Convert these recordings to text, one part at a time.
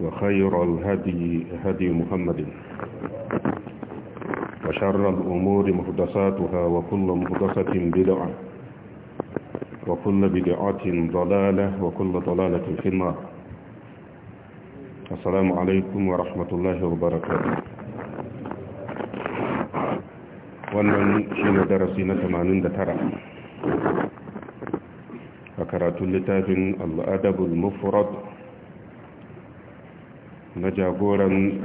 وخير الهدي هدي محمد وشر الأمور محدثاتها وكل محدثة بدعة وكل بدعة ضلالة وكل ضلالة في النار السلام عليكم ورحمة الله وبركاته wannan shi ne darasi na 89 a karatun littafin al'adabul na jagoran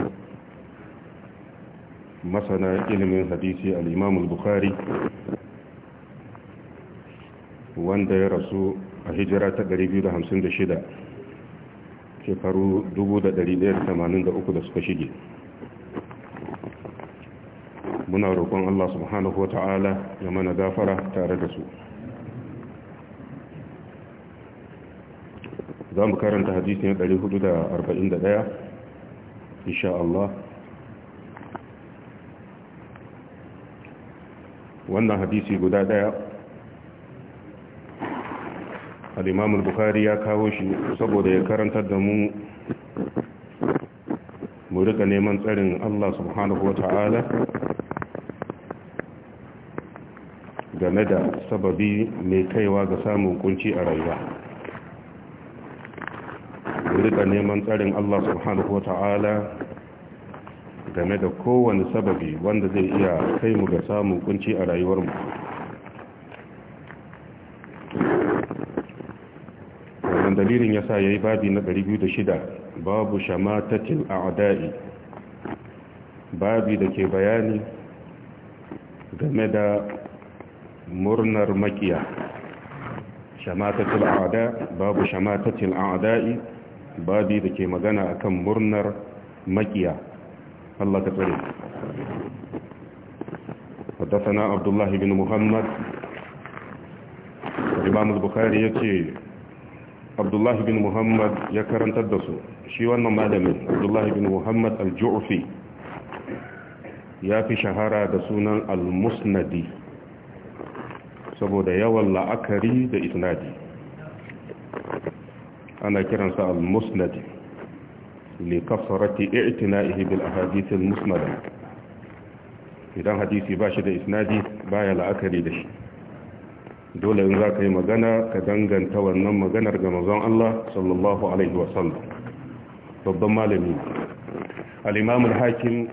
masana ilimin hadisi al'imam bukhari wanda ya rasu a hijira ta 256 shekaru 1183 da suka shige muna roƙon Allah subhanahu wa ta'ala ya mana gafara tare da su za mu karanta hadisi na 441 insha Allah wannan hadisi guda daya al-imam al-bukhari ya kawo shi saboda ya karantar da mu mu rika neman tsarin Allah subhanahu wata'ala game da sababi mai kaiwa ga samun kunci a rayuwa rika neman tsarin Allah subhanahu wa ta'ala game da kowane sababi wanda zai iya kai mu ga samun kunci a rayuwarmu wannan dalilin ya sa ya yi babi na 206 babu shamatatil a'da'i babi da ke bayani game da murnar makiya shamatatil a'da babu shamatatil a'da'i babi da ke magana akan murnar makiya Allah ka tsare حدثنا Muhammad. الله Bukhari ya ce البخاري يتي Muhammad ya karantar da su. Shi wannan malamin. عبد الله Muhammad Al-Jufi ya fi shahara da sunan al-musnadi saboda yawan la'akari da isnadi ana kiransa al-musnad li kasrati i'tina'ihi bil ahadith al-musnada idan hadisi ba shi da isnadi baya la'akari da shi dole in za ka yi magana ka danganta wannan maganar ga mazan Allah sallallahu alaihi babban malami al-imam al-hakim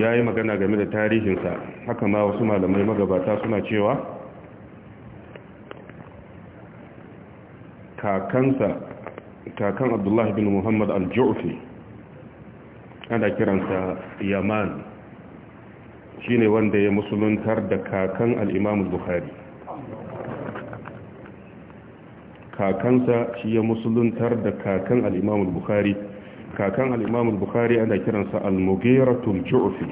ya yi magana game da tarihinsa haka ma wasu malamai magabata suna cewa kakansa kakan abdullahi bin muhammad al-ju'fi ana kiransa yaman shine wanda ya musuluntar da kakan al-imam bukhari kakansa shi ya musuluntar da kakan al-imam bukhari kakan al-imam ana kiransa al-mughiratul ju'fi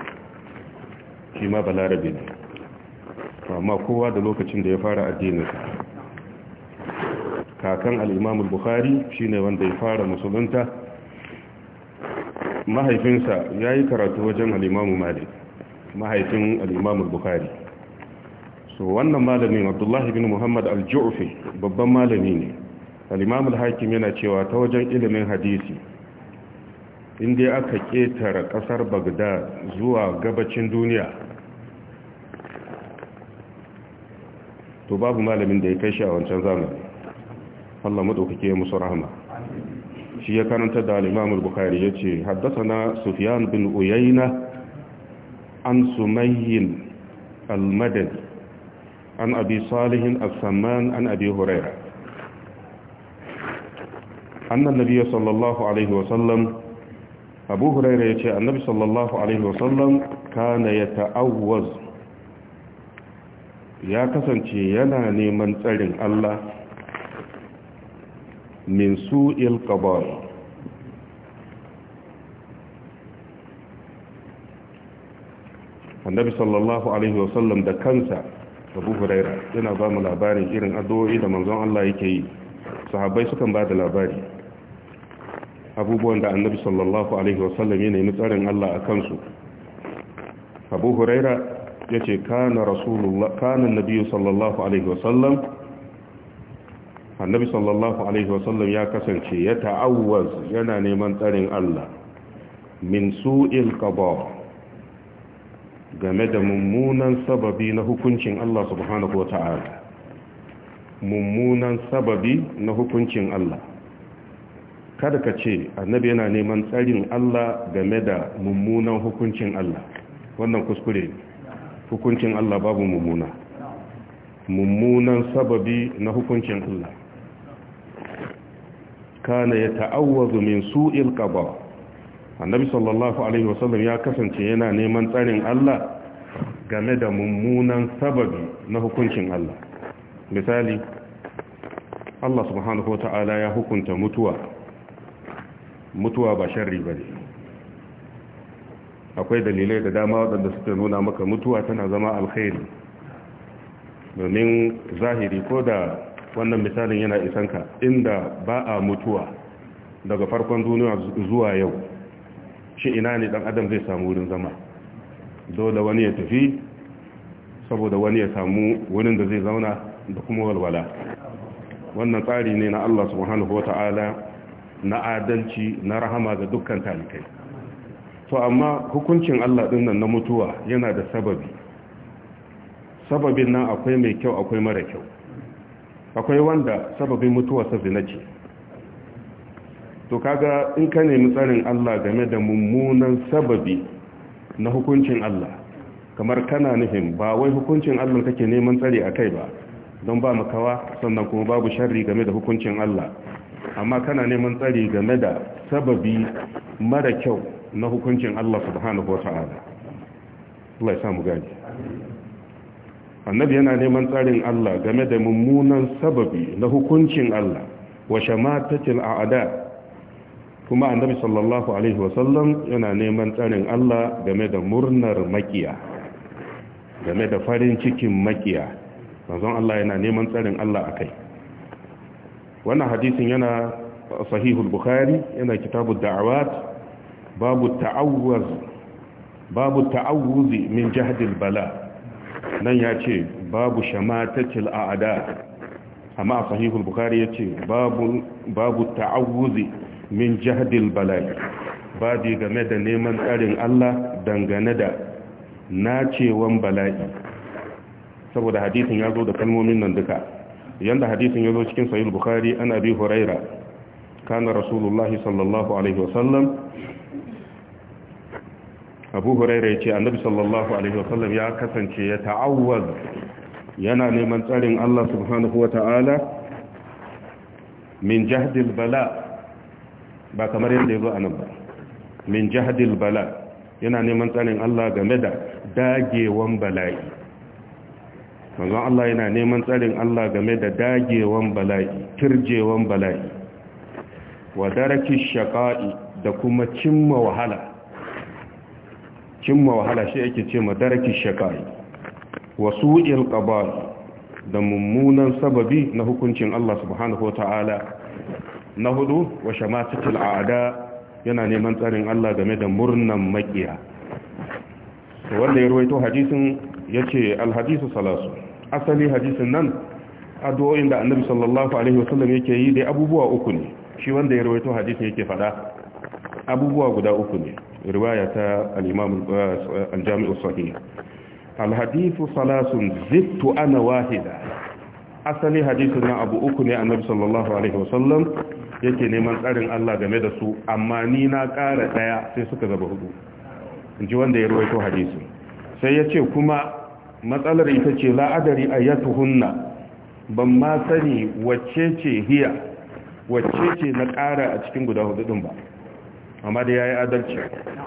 shi ma balarabe ne amma kowa da lokacin da ya fara addininsa kakan al'imamul bukhari shine wanda ya fara musulunta mahaifinsa ya yi karatu wajen al'imamu malik mahaifin al'imamul bukhari so wannan malamin abdullahi bin muhammad al-ju'fi babban malami ne al'imamul hakim yana cewa ta wajen ilimin hadisi inda aka ƙetare ƙasar bagdad zuwa gabacin duniya to babu malamin da ya kai shi a wancan zamani Allah madaukake musu rahama shi ya karanta da al-Imam al-Bukhari yace haddathana Sufyan bin Uyayna an Sumayyin al-Madani an Abi Salih al-Samman an Abi Hurairah anna an-nabiy sallallahu alaihi wa sallam Abu Hurairah yace annabi sallallahu alaihi wa sallam kana yata'awwaz ya kasance yana neman tsarin Allah min su'il qada'i annabi sallallahu alaihi wasallam da kansa abu huraira yana ba mu labarin irin addu'o'i da manzon Allah yake yi sahabbai sukan ba da labari abubuwan da annabi sallallahu alaihi wasallam yana yi tsarin Allah a kansu abu huraira ya ce kana rasulullah kana nabi sallallahu alaihi wasallam annabi sallallahu alaihi wasallam ya kasance ya ta'awwaz yana neman tsarin Allah min su'il qada game da mummunan sababi na hukuncin Allah subhanahu wata'ala mummunan sababi na hukuncin Allah kada ka ce annabi yana neman tsarin Allah game da mummunan hukuncin Allah wannan kuskure hukuncin Allah babu mummuna mummunan sababi na hukuncin Allah kana ya ta'awwazu min su'il annabi sallallahu alaihi wasallam ya kasance yana neman tsarin Allah game da mummunan sababi na hukuncin Allah misali Allah subhanahu wata'ala ya hukunta mutuwa mutuwa ba sharri bane akwai dalilai da dama waɗanda suke nuna maka mutuwa tana zama alkhairi domin zahiri ko da wannan misalin yana isanka inda ba a mutuwa daga farkon duniya zuwa yau shi ina ne dan adam zai samu wurin zama dole wani ya tafi saboda wani ya samu wurin da zai zauna da kuma walwala wannan tsari ne na Allah subhanahu wata'ala na adalci na rahama ga dukkan talikai to amma hukuncin Allah din nan na mutuwa yana da sababi sababin nan akwai mai kyau akwai mara kyau akwai wanda sababin mutuwarsa zina ce to kaga in ka nemi tsarin Allah game da mummunan sababi na hukuncin Allah kamar kana nufin ba wai hukuncin Allah kake neman tsari a kai ba don ba makawa sannan kuma babu sharri game da hukuncin Allah amma kana neman tsari game da sababi mara kyau na hukuncin Allah subhanahu wa ta'ala Allah ya samu gani annabi yana neman tsarin Allah game da mummunan sababi na hukuncin Allah wa shamatatil a'ada kuma annabi sallallahu alaihi wasallam yana neman tsarin Allah game da murnar makiya game da farin cikin makiya manzon Allah yana neman tsarin Allah akai wannan hadisin yana sahihul bukhari yana kitabud da'awat babu ta'awuz babu min jahdil bala nan ya ce babu shamatacil ada amma a sahihul bukari ya ce babu ta'awuzi min jahdil bala'i babi game da neman tsarin Allah dangane da nacewan bala'i saboda hadisin ya zo da kalmomin nan duka yanda hadisin ya zo cikin sahihul bukari an abi huraira kana rasulullahi sallallahu alaihi wasallam abu huraira ya ce annabi sallallahu alaihi wa sallam ya kasance ya ta'awwaz yana neman tsarin Allah subhanahu wa ta'ala min jahdil bala ba kamar yadda ya zo a nan ba min jahdil bala yana neman tsarin Allah game da dagewan bala'i manzon Allah yana neman tsarin Allah game da dagewan bala'i kirjewan bala'i wa daraki shaqa'i da kuma cimma wahala cimma wahala shi yake ce madarakin daraki shakai wa su'il qabar da mummunan sababi na hukuncin Allah subhanahu Ta'ala na hudu wa shamatatil aada yana neman tsarin Allah game da murnan makiya wanda ya ruwaito hadisin ce alhadisu salasu asali hadisin nan addu'o'in da annabi sallallahu alaihi wasallam yake yi dai abubuwa uku ne shi wanda ya rawaito hadisin yake faɗa abubuwa guda uku ne riwaya ta al-imam uh, al-jami' as-sahih salasun zittu ana wahida asali hadisin na abu uku ne annabi yake neman tsarin Allah game da su amma ni na ƙara daya sai suka zaba hudu inji wanda ya ruwaito hadisin sai yace kuma matsalar ita ce la'adari ayatuhunna ban ma sani wacce ce hiya wacce ce na ƙara a cikin guda hudu ba amma da ya yi adalci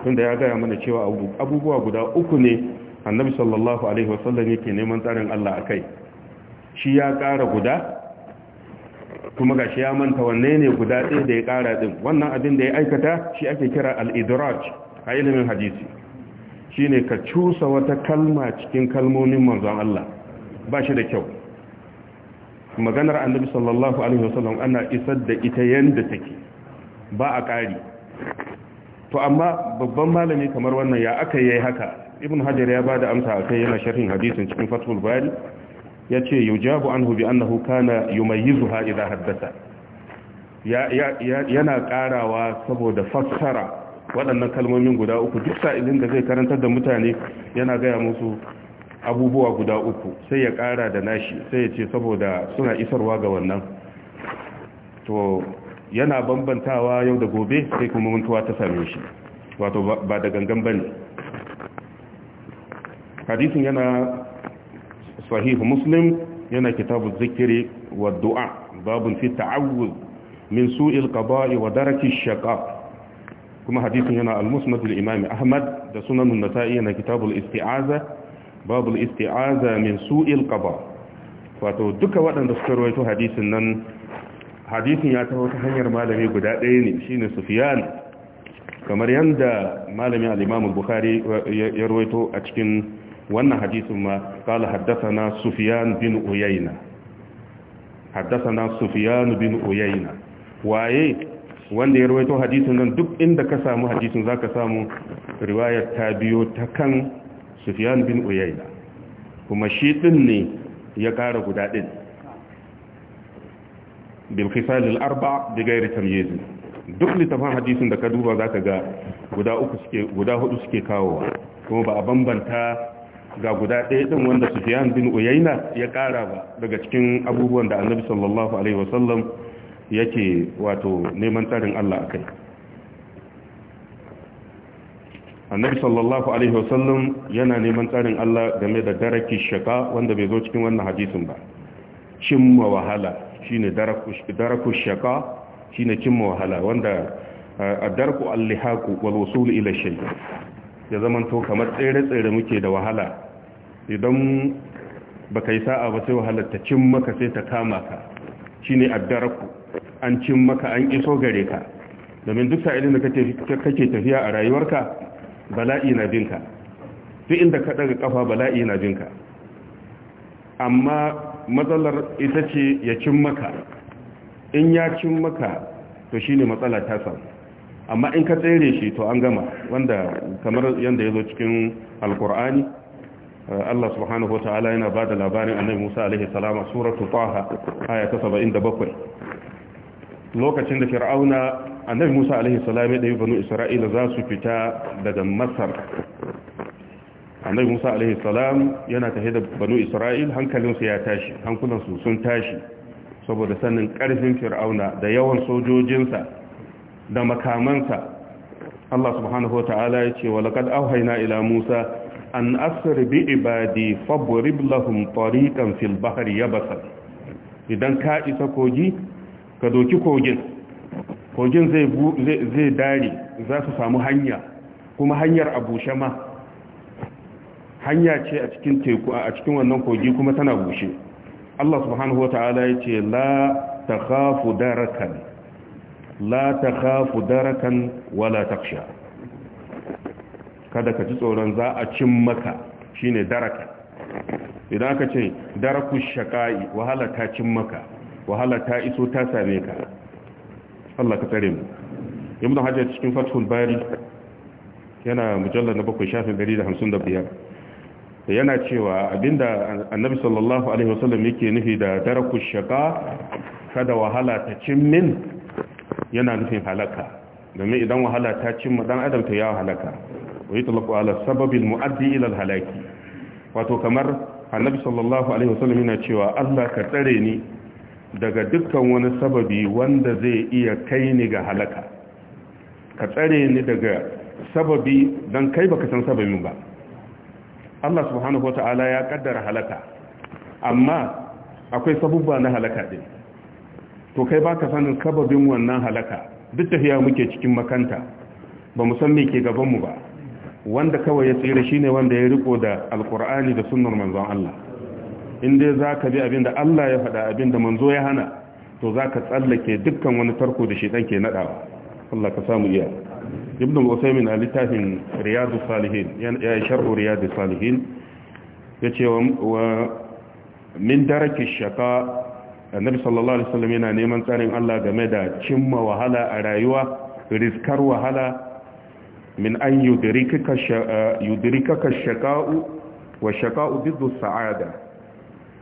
tunda ya gaya mana cewa abubuwa guda uku ne annabi sallallahu alaihi wasallam yake neman tsarin Allah akai shi ya ƙara guda kuma gashi ya manta wanne ne guda ɗaya da ya kara ɗin wannan abin da ya aikata shi ake kira al a ilimin hadisi shi ne ka cusa wata kalma cikin kalmomin manzon Allah ba shi da kyau maganar annabi sallallahu alaihi wasallam ana isar da ita yanda take ba a ƙari to amma babban malami kamar wannan ya aka yi haka ibn hajar ya ba da amsa a kai yana sharhin hadisin cikin fatul bari Ya ce yace an an bi annahu kana yumayyizuha idha haddatha haddasa yana karawa saboda fassara waɗannan kalmomin guda uku duk sa'ilin da zai karantar da mutane yana gaya musu abubuwa guda uku sai ya kara da nashi sai ya ce saboda suna isarwa ga wannan to yana bambantawa yau da gobe sai kuma mantuwa ta same shi wato ba da gangan bane hadisin yana sahihu muslim yana kitabu zikiri wa du'a babin fi ta'awuz min su'il qada'i wa daraki shaqa kuma hadisin yana al-musnad al-imam ahmad da sunan an-nasa'i yana kitabu al-isti'aza babu al-isti'aza min su'il qada' wato duka waɗanda suka rawaito hadisin nan hadisin ya taho ta hanyar malami guda ɗaya ne shine sufyan kamar yadda malami al-imam bukhari ya a cikin wannan hadisin ma qala haddathana sufyan bin uyayna haddathana sufyan bin uyayna waye wanda ya hadisin nan duk inda ka samu hadisin zaka samu riwayar ta biyo ta kan sufyan bin uyayna kuma shi din ne ya kara guda din bil khisalil arba bi ghairi tamyiz duk littafin hadisun da ka duba za ka ga guda uku suke guda hudu suke kawowa kuma ba a bambanta ga guda ɗaya ɗin wanda su Sufyan bin Uyayna ya ƙara ba daga cikin abubuwan da Annabi sallallahu alaihi wasallam yake wato neman tsarin Allah a kai Annabi sallallahu alaihi wasallam yana neman tsarin Allah game da daraki shaka wanda bai zo cikin wannan hadisin ba cimma wahala shine daraku shaka shine cimma wahala wanda eh, a darku allihaku wal wusul ila shay ya zamanto kamar tsere tsere muke da wahala idan baka yi sa'a ba sai wahalar ta cin maka sai ta kama ka shine adarku an cin maka an iso gare ka domin duk sa'ilin da kake tafiya a rayuwarka bala'i na binka duk inda ka daga kafa bala'i na binka amma matsalar ita ce ya cin maka in ya cin maka to shi ne matsala ta samu amma in ka tsere shi to an gama wanda kamar yadda ya zo cikin alkur'ani eh, Allah subhanahu wa ta'ala yana ba da labarin annabi Musa alaihi salama suratu taha aya ta 77 lokacin da fir'auna annabi Musa alaihi salam ya dai banu Isra'ila za su fita daga Masar annabi musa alaihi salam yana tafe da banu isra'il hankalinsu ya tashi hankulansu sun tashi saboda sanin karfin fir'auna da yawan sojojinsa da makamansa Allah subhanahu wa ta'ala ya ce walakad auhaina ila musa an asir bi ibadi faburib lahum tariqan fil bahri yabasa idan ka isa kogi ka doki kogin kogin zai zai dare za su samu hanya kuma hanyar abushama hanya ce a cikin teku a cikin wannan kogi kuma tana bushe Allah subhanahu wata'ala ya ce la takhafu darakan la takhafu darakan wala taksha kada ka ji tsoron za a cin maka shine darakan idan aka ce daraku shaqai wahala ta cin maka wahala ta iso ta same ka Allah ka tsare mu ibnu hajar cikin fathul bari yana mujallar na bakwai shafin 155 yana cewa abinda annabi sallallahu alaihi wasallam yake nufi da daraku shaka kada wahala ta cimmin yana nufin halaka domin idan wahala ta cimma dan adam ta yawa halaka wa yutlaqu ala sababin muaddi ila al halaki wato kamar annabi sallallahu alaihi wasallam yana cewa Allah ka tsare ni daga dukkan wani sababi wanda zai iya kai ni ga halaka ka tsare ni daga sababi don kai baka san sababin ba Allah subhanahu ta'ala ya kaddara halaka amma akwai sabubba na halaka din to kai baka sanin kababin wannan halaka duk tafiya muke cikin makanta ba mu san me ke gaban mu ba wanda kawai ya tsira shine wanda ya riko da alqur'ani da sunnar manzon Allah in dai zaka bi abinda Allah ya faɗa abinda manzo ya hana to zaka tsallake dukkan wani tarko da shedan ke nadawa Allah ka samu iya ibn al-usaymin a littafin riyadu salihin ya yi sharhu riyadu salihin ya ce wa min daraki shaka annabi sallallahu alaihi wasallam yana neman tsarin Allah game da cimma wahala a rayuwa rizkar wahala min an yudrikaka shaka'u wa shaka'u biddu sa'ada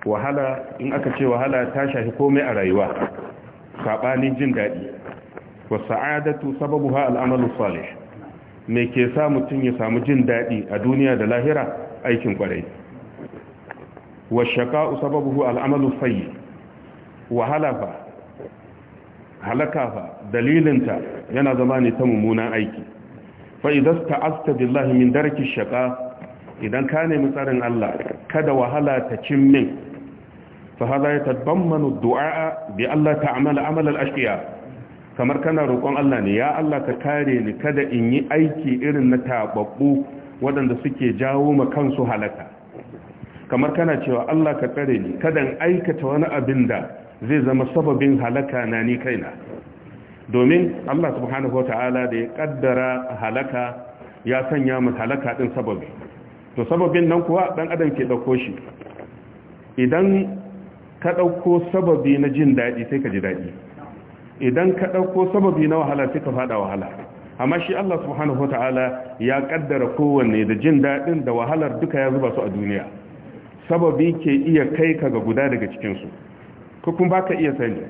wahala in aka ce wahala ta shafi komai a rayuwa sabanin jin daɗi wa sa'adatu sababuha al'amalu salih me ke sa mutum ya samu jin daɗi a duniya da lahira aikin kwarai wa shaka'u sababuhu al'amalu sayyi wa halafa halaka fa dalilinta yana zama ne ta mummunan aiki fa idan ta'asta billahi min darki shaka idan ka nemi tsarin Allah kada wahala ta cin min fa hada ya du'a bi Allah ta amal al-ashqiya kamar kana roƙon Allah ne ya Allah ka kare ni kada in yi aiki irin na tababbu waɗanda suke jawo ma kansu halaka kamar kana cewa Allah ka tsare ni kada in aikata wani abin da zai zama sababin halaka na ni kaina domin Allah subhanahu wata'ala da ya kaddara halaka ya sanya mu halaka din sababi to sababin nan kuwa dan adam ke dauko shi idan ka dauko sababi na jin dadi sai ka ji dadi idan ka ɗauko sababi na wahala sai ka faɗa wahala amma shi Allah subhanahu wata'ala ya ƙaddara kowanne da jin daɗin da wahalar duka ya zuba su a duniya sababi ke iya kai ka ga guda daga cikinsu kukun ba ka iya sani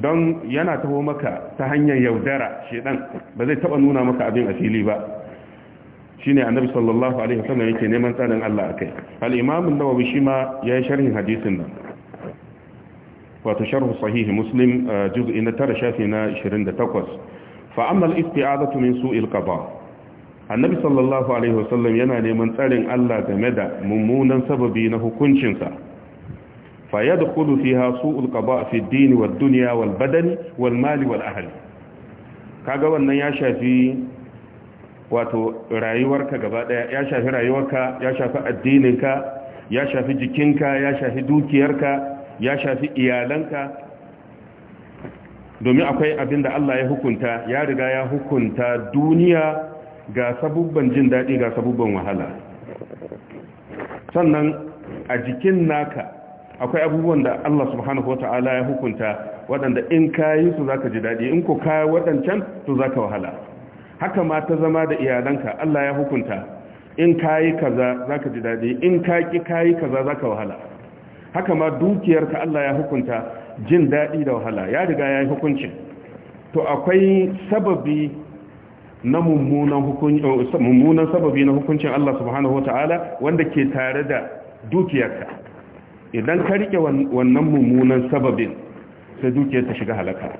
don yana taho maka ta hanyar yaudara shedan ba zai taɓa nuna maka abin asili ba shi annabi sallallahu alaihi wasallam yake neman tsarin Allah a kai al'imamun nawawi shi ma ya yi sharhin hadisin nan wato sharhu sahihi muslim uh, juz'i na tara shafi na 28 fa amma al-isti'azatu min su'il qada annabi sallallahu alaihi wasallam yana neman tsarin Allah game da mummunan sababi na hukuncinsa fa yadkhulu fiha su'ul qada fi ad-din wad-dunya wal-badani wal-mali wal-ahli kaga wannan ya shafi wato rayuwarka gaba daya ya shafi rayuwarka ya shafi addininka ya shafi jikinka ya shafi dukiyarka ya shafi iyalanka domin akwai abin da Allah ya hukunta ya riga ya hukunta duniya ga sabubban jin daɗi ga sabubban wahala sannan a jikin naka akwai abubuwan da Allah subhanahu wata'ala ya hukunta waɗanda in ka yi su za ka ji daɗi in ko ka waɗancan to za ka wahala haka ma ta zama da iyalanka Allah ya hukunta in ka yi kaza za ka ji daɗi in ka ƙi ka yi kaza za ka wahala haka ma dukiyarka Allah ya hukunta jin daɗi da wahala ya riga ya yi hukuncin to akwai sababi na mummunan eh, sababi na hukuncin Allah subhanahu wa wanda ke tare da dukiyarka idan ka rike wannan mummunan sababin sai dukiyar ta shiga halaka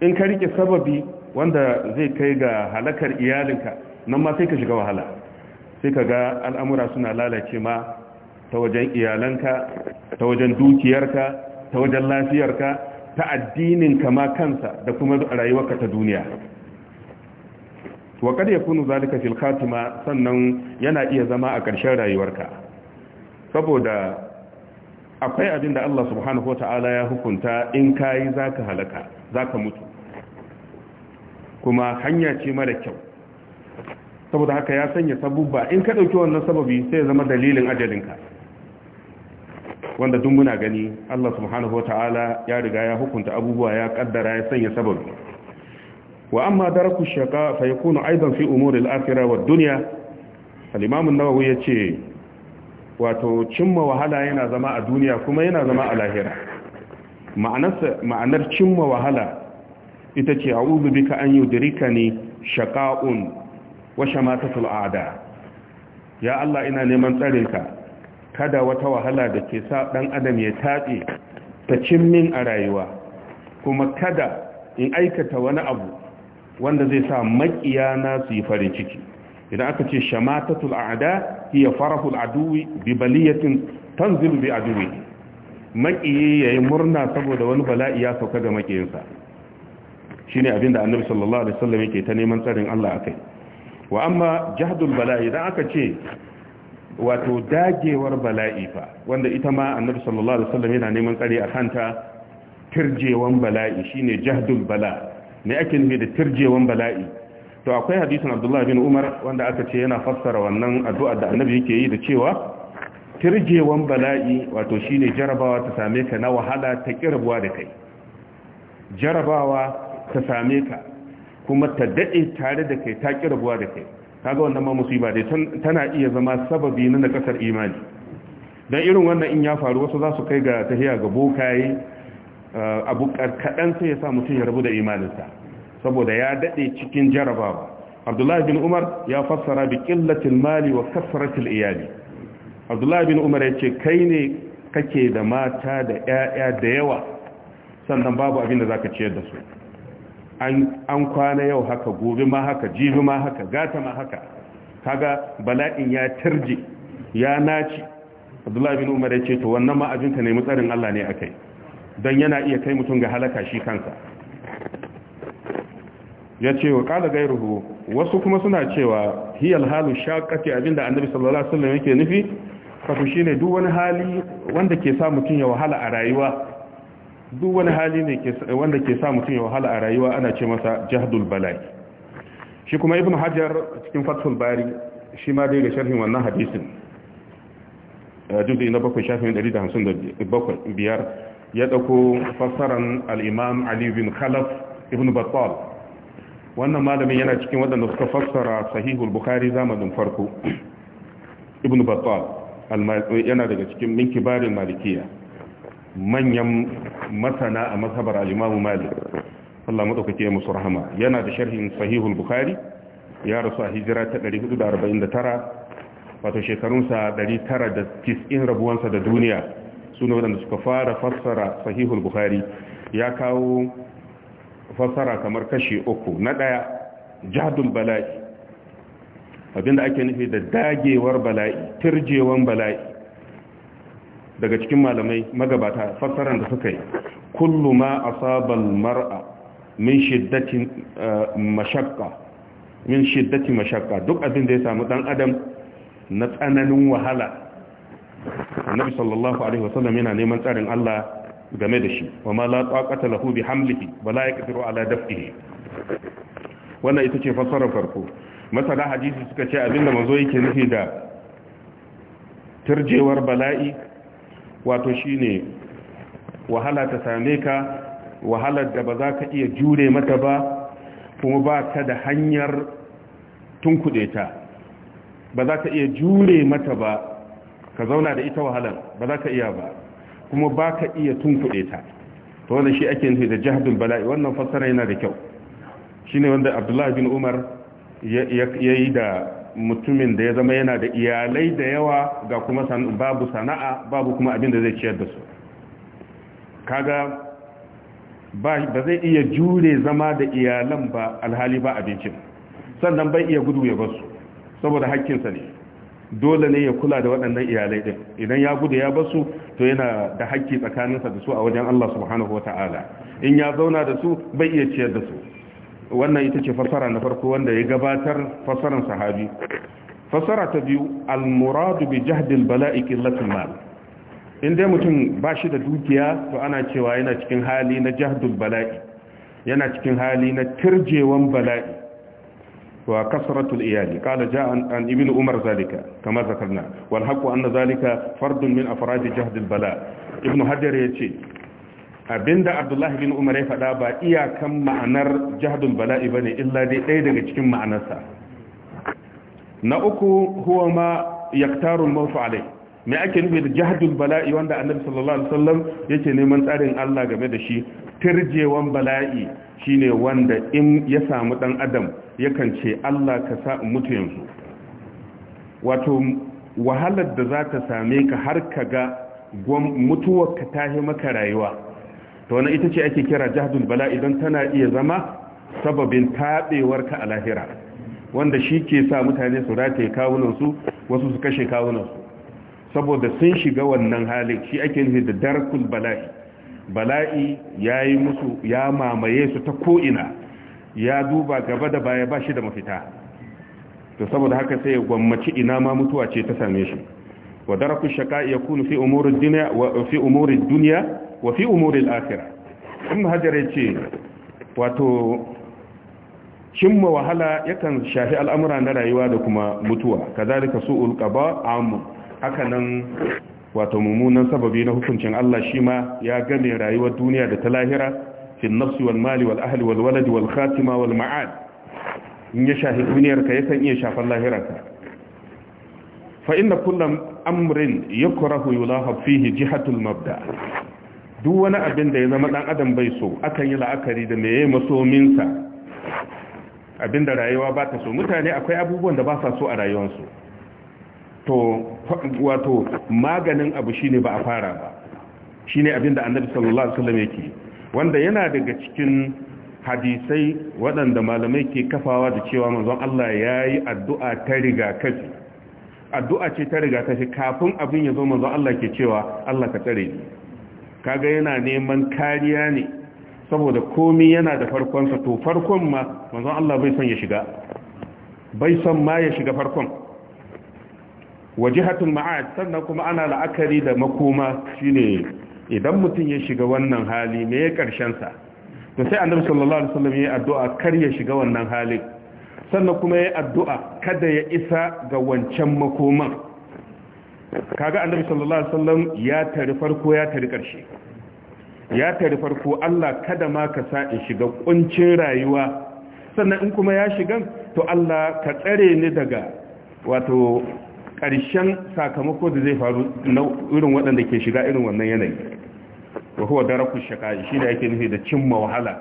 in ka rike sababi wanda zai kai ga halakar iyalinka nan ma sai ka shiga wahala sai ka ga al'amura suna lalace ma ta wajen iyalanka ta wajen dukiyarka ta wajen lafiyarka ta addinin kama kansa da kuma rayuwarka ta duniya wa kada ya kunu zalika fil khatima sannan yana iya zama a ƙarshen rayuwarka saboda akwai abin da Allah subhanahu wata'ala ya hukunta in kayi zaka halaka zaka mutu kuma hanya ce mara kyau saboda haka ya sanya sabubba in ka ɗauki wannan sababi sai ya zama dalilin ajalinka wanda duk muna gani Allah subhanahu ta'ala ya riga ya hukunta abubuwa ya kaddara ya sanya sababi wa amma daraku shaqa fa yakunu aidan fi umuri akhirah wad dunya al-imam an-nawawi yace wato cimma wahala yana zama a duniya kuma yana zama a lahira ma'anar cimma wahala ita ce a'udhu bika an yudrikani shaqa'un wa shamatatul a'da ya Allah ina neman tsarinka kada wata wahala da ke sa ɗan adam ya taɓe ta cimmin a rayuwa kuma kada in aikata wani abu wanda zai sa na su yi farin ciki idan aka ce shamatatul a'da hiya farahul aduwi bi baliyatin tanzilu bi aduwi makiyi yayi murna saboda wani bala'i ya sauka ga makiyinsa shine abinda annabi sallallahu alaihi wasallam yake ta neman tsarin Allah akai wa amma jahdul bala'i idan aka ce wato dagewar bala'i fa wanda ita ma annabi sallallahu alaihi wasallam yana neman tsare a kanta tirjewan bala'i shine jahdul bala ne ake nufi da tirjewan bala'i to akwai hadisin Abdullahi bin Umar wanda aka ce yana fassara wannan addu'a da annabi yake yi da cewa tirjewan bala'i wato shine jarabawa ta same ka na wahala ta kirbuwa da kai jarabawa ta same ka kuma ta dade tare da kai ta kirbuwa da kai kaga wannan ma musiba dai tana iya zama sababi na nakasar imani dan irin wannan in ya faru wasu za su kai ga tahiya ga bokaye eh, abu karkadan sai ya sa mutum ya rabu da imaninsa saboda ya dade cikin jarabawa Abdullah bin Umar ya fassara bi qillatil mali wa kasratil iyali Abdullahi bin Umar ya ce kai ne kake da mata da yaya da yawa sannan babu abin da zaka ciyar da su an kwana yau haka gobe ma haka jibi ma haka gata ma haka kaga bala'in ya tirje ya naci abdullahi bin umar ya ce to wannan ma abinka ne mutsarin Allah ne akai don yana iya kai mutum ga halaka shi kansa ya ce wa kala gairuhu wasu kuma suna cewa hiyal halu shaqati abinda annabi sallallahu alaihi wasallam yake nufi kafu shine duk wani hali wanda ke sa mutum ya wahala a rayuwa duk wani hali ne wanda ke sa mutum ya wahala a rayuwa ana ce masa jahdul bala'i shi kuma ibn hajar cikin fathul bari shi ma dai ga sharhin wannan hadisin eh, juzi na bakwai shafin 157 ya dauko fassaran al-imam ali bin khalaf ibn battal wannan malamin yana cikin waɗanda suka fassara sahihul bukari zamanin farko ibn battal yana daga cikin minkibarin kibarin manyan masana a masabar al-imamu malik Allah madaukake musu rahama yana da sharhin sahihul bukhari ya rasu a hijira ta 449 wato shekarunsa 990 rabuwansa da duniya suna waɗanda suka fara fassara sahihul bukhari ya kawo fassara kamar kashi uku na ɗaya jadul bala'i abinda ake nufi da dagewar bala'i turjewan bala'i daga cikin malamai magabata fassarar da suka yi kullu ma asabal mar'a min shiddati eh, mashaqqa min shiddati mashaqqa duk abin da ya samu dan adam na tsananin wahala annabi sallallahu alaihi wasallam yana neman tsarin Allah game da shi wa ma la taqata lahu bi hamlihi wa la yaqdiru ala daf'ihi wannan ita ce fassarar farko masana hadisi suka ce abinda manzo yake nufi da turjewar bala'i wato shine wahala ta same ka wahalar da ba za ka iya jure mata ba kuma ba ta da hanyar tunkuɗe ta ba za ka iya jure mata ba ka zauna da ita wahalar ba za ka iya ba kuma ba ka iya tunkuɗe ta to wannan shi ake nufi da jihadin bala'i wannan fassara yana da kyau shine wanda abdullahi bin umar ya yi da mutumin da ya zama yana da iyalai da yawa ga kuma babu sana'a babu kuma abin da zai ciyar da su kaga ba zai iya jure zama da iyalan ba alhali ba abincin sannan bai iya gudu ya basu saboda hakkinsa ne dole ne ya kula da waɗannan iyalai ɗin idan ya gudu ya basu to yana da hakki tsakaninsa da su a wajen Allah subhanahu wata'ala in ya zauna da su bai iya ciyar da su wannan ita ce fasara na farko wanda ya gabatar fasaran sahabi fasara ta biyu al-muradu bi jahdil bala'i qillatul mal in dai mutum ba shi da dukiya to ana cewa yana cikin hali na jahdul bala'i yana cikin hali na tirjewan bala'i wa kasratul iyali qala jaa an ibnu umar zalika kama zakarna wal haqqu anna zalika fardun min afradi jahdil bala' ibnu hajar yace Abin da abdullahi bin umar ya faɗa ba iyakan ma'anar jahadun bala'i ba ne illa dai ɗaya daga cikin ma'anarsa na uku huwa ma yaktarun mafi alai mai ake nufi da jihadun bala'i wanda annabi sallallahu alaihi wasallam yake neman tsarin Allah game da shi tirjewan bala'i shine wanda in ya samu dan adam yakan ce Allah ka sa mutu yanzu wato wahalar da za ta same ka har ka ga mutuwar ka tahi maka rayuwa to wannan ita ce ake kira jahdul bala idan tana iya zama sababin taɓewarka a lahira wanda shi ke sa mutane su rataye kawunansu wasu su kashe kawunansu saboda sun shiga wannan halin shi ake nufi da darkul bala'i bala'i ya yi musu ya mamaye su ta ko'ina ya duba gaba da baya ba shi da mafita to saboda haka sai ya gwammaci ina ma mutuwa ce ta same shi wa darakun shaka ya kunu fi umurin duniya wa fi umuril akhirah ibn hajar yace wato cimma wahala yakan shafi al'amura na rayuwa da kuma mutuwa kazalika su'ul qaba amu nan wato mummunan sababi na hukuncin Allah shi ma ya game rayuwar duniya da ta lahira fi nafsi wal mali wal ahli wal wal khatima wal ma'ad in ya shafi duniyar ka yakan iya shafar lahirar ka fa inna kullum amrin yakrahu yulahab fihi jihatul mabda duk wani abin da ya zama dan adam bai so akan yi la'akari da me masominsa abin da rayuwa ba ta so mutane akwai abubuwan da ba sa so a rayuwarsu to wato maganin abu shine ba a fara ba shine abin da annabi sallallahu alaihi wasallam yake wanda yana daga cikin hadisai waɗanda malamai ke kafawa da cewa manzon Allah ya yi addu'a ta rigakafi addu'a ce ta rigakafi kafin abin ya zo manzon Allah ke cewa Allah ka tsare ni kaga yana neman kariya ne saboda komai yana da farkonsa to farkon ma manzon Allah bai son ya shiga bai son ma ya shiga farkon wajihatul ma'ad sannan kuma ana la'akari da makoma shine idan mutum ya shiga wannan hali me ya karshen sa to sai annabi sallallahu alaihi wasallam yayi addu'a kar ya shiga wannan hali sannan kuma yayi addu'a kada ya isa ga wancan makoman kaga annabi sallallahu alaihi wasallam ya tari farko ya tari karshe ya tari farko Allah kada ma ka sa in shiga kuncin rayuwa sannan in kuma ya shiga to Allah ka tsare ni daga wato karshen sakamako da zai faru na irin waɗanda ke shiga irin wannan yanayi wa huwa daraku shi ne yake nufi da cimma wahala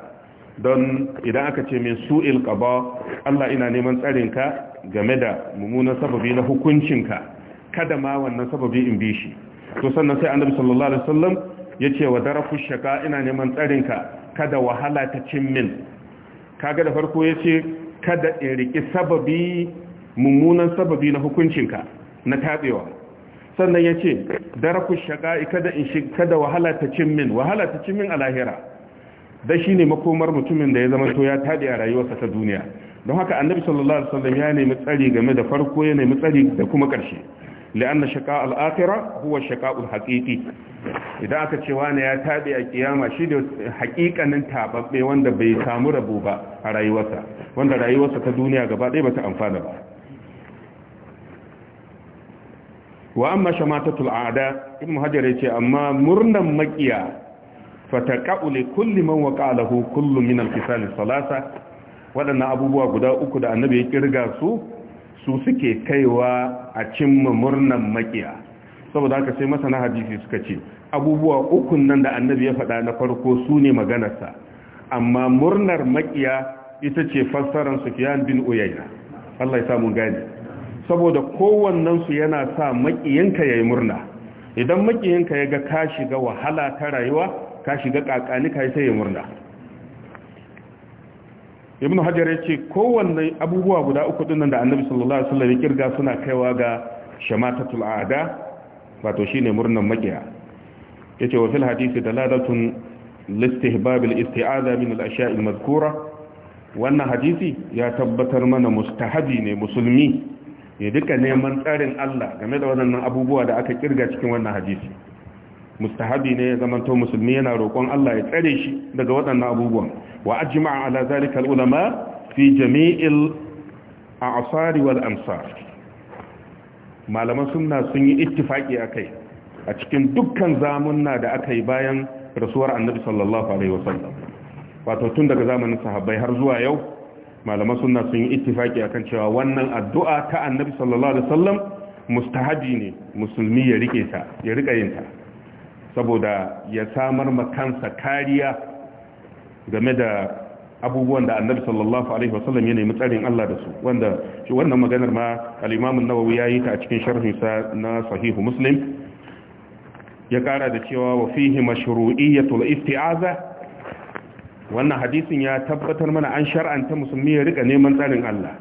don idan aka ce min su'il qaba Allah ina neman tsarin ka game da mummunan sababi na hukuncinka kada ma wannan sababi in bi shi to sannan sai annabi sallallahu alaihi wasallam yace wa darafu shaka ina neman tsarinka kada wahala ta cin min kaga da farko yace kada in riki sababi mummunan sababi na hukuncinka na tabewa sannan yace darafu shaka kada in shi kada wahala ta cin min wahala ta cin min a lahira da shine makomar mutumin da ya zama to ya tabe a rayuwarsa ta duniya don haka annabi sallallahu alaihi wasallam ya nemi tsari game da farko ya nemi tsari da kuma karshe. li'anna shaqa al-akhirah huwa shaqa'ul idan aka ce wani ya tabe a kiyama shi da haƙiƙanin taɓaɓɓe wanda bai samu rabo ba a rayuwarsa wanda rayuwarsa ta duniya gaba ɗaya ta amfana ba wa amma shamatatul a'da ibn hajar yace amma murnan makiya fata li kulli man waƙa alahu kullum min al salasa waɗannan abubuwa guda uku da annabi ya ƙirga su su suke kaiwa a cimma murnan makiya saboda haka sai masana hadisi suka ce abubuwa ukun nan da annabi ya faɗa na farko su ne maganarsa amma murnar makiya ita ce fassarar sufiyan bin uyayya Allah ya samu gani saboda kowannensu yana sa makiyanka ya yi murna idan makiyanka ya ga ka shiga wahala ta rayuwa ka shiga kakani ka yi sai ya murna ibn hajar ce kowanne abubuwa guda uku dinnan da annabi sallallahu alaihi wasallam ya kirga suna kaiwa ga shamatatul aada wato shine murnan makiya yace wa fil hadisi dalalatun listihbab al-isti'aza min al-ashya' al-madhkura wannan hadisi ya tabbatar mana mustahabi ne musulmi ya duka neman tsarin Allah game da waɗannan abubuwa da aka kirga cikin wannan hadisi mustahabi ne ya zamanto musulmi yana roƙon Allah ya tsare shi daga waɗannan abubuwan wa ajma'a ala zalika al-ulama fi jami'il a'sar Amsa. amsar malaman sunna sun yi ittifaki akai a cikin dukkan zamunna da aka yi bayan rasuwar annabi sallallahu alaihi wasallam wato tun daga zamanin sahabbai har zuwa yau malaman sunna sun yi ittifaki akan cewa wannan addu'a ta annabi sallallahu alaihi wasallam mustahabi ne musulmi ya ya rika yin ta saboda ya samar ma kansa kariya game da abubuwan da annabi sallallahu alaihi wasallam ya nemi tsarin Allah da su wanda shi wannan maganar ma al-Imam an-Nawawi ya yi ta a cikin sharhinsa na Sahihu Muslim ya kara da cewa wa fihi mashru'iyyatul isti'aza wannan hadisin ya tabbatar mana an shar'anta musulmi ya rika neman tsarin Allah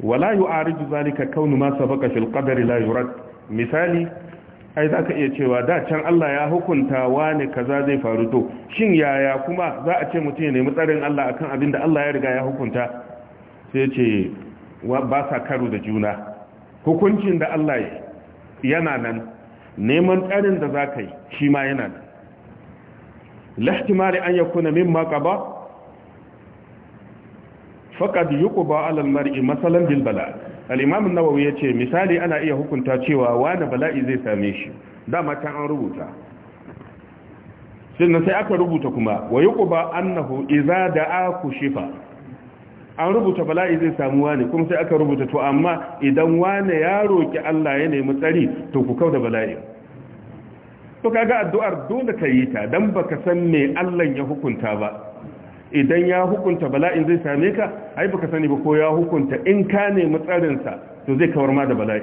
wala yu'aridu zalika kaunu ma sabaqa fil qadari la yurad misali ai za ka iya cewa da can Allah ya hukunta wani kaza zai faru to shin yaya kuma za a ce mutum ya nemi tsarin Allah akan abin da Allah ya riga ya hukunta sai ce ba sa karo da juna hukuncin da Allah yana nan neman tsarin da za ka yi shi ma yana nan lahtimari an yakuna mimma qaba faqad yuqba ala al-mar'i masalan bil bala' al-imam an-nawawi yace misali ana iya hukunta cewa wani bala'i zai same shi dama ta an rubuta sannan sai aka rubuta kuma wa ba annahu idza da'a kushifa an rubuta bala'i zai samu wani kuma sai aka rubuta to amma idan wani ya roki Allah ya nemi tsari to ku kauda bala'i to kaga addu'ar dole ka yi ta dan baka san me Allah ya hukunta ba idan ya hukunta bala'in zai same ka ai baka sani ba ko ya hukunta in ka nemi tsarinsa to zai kawar ma da bala'i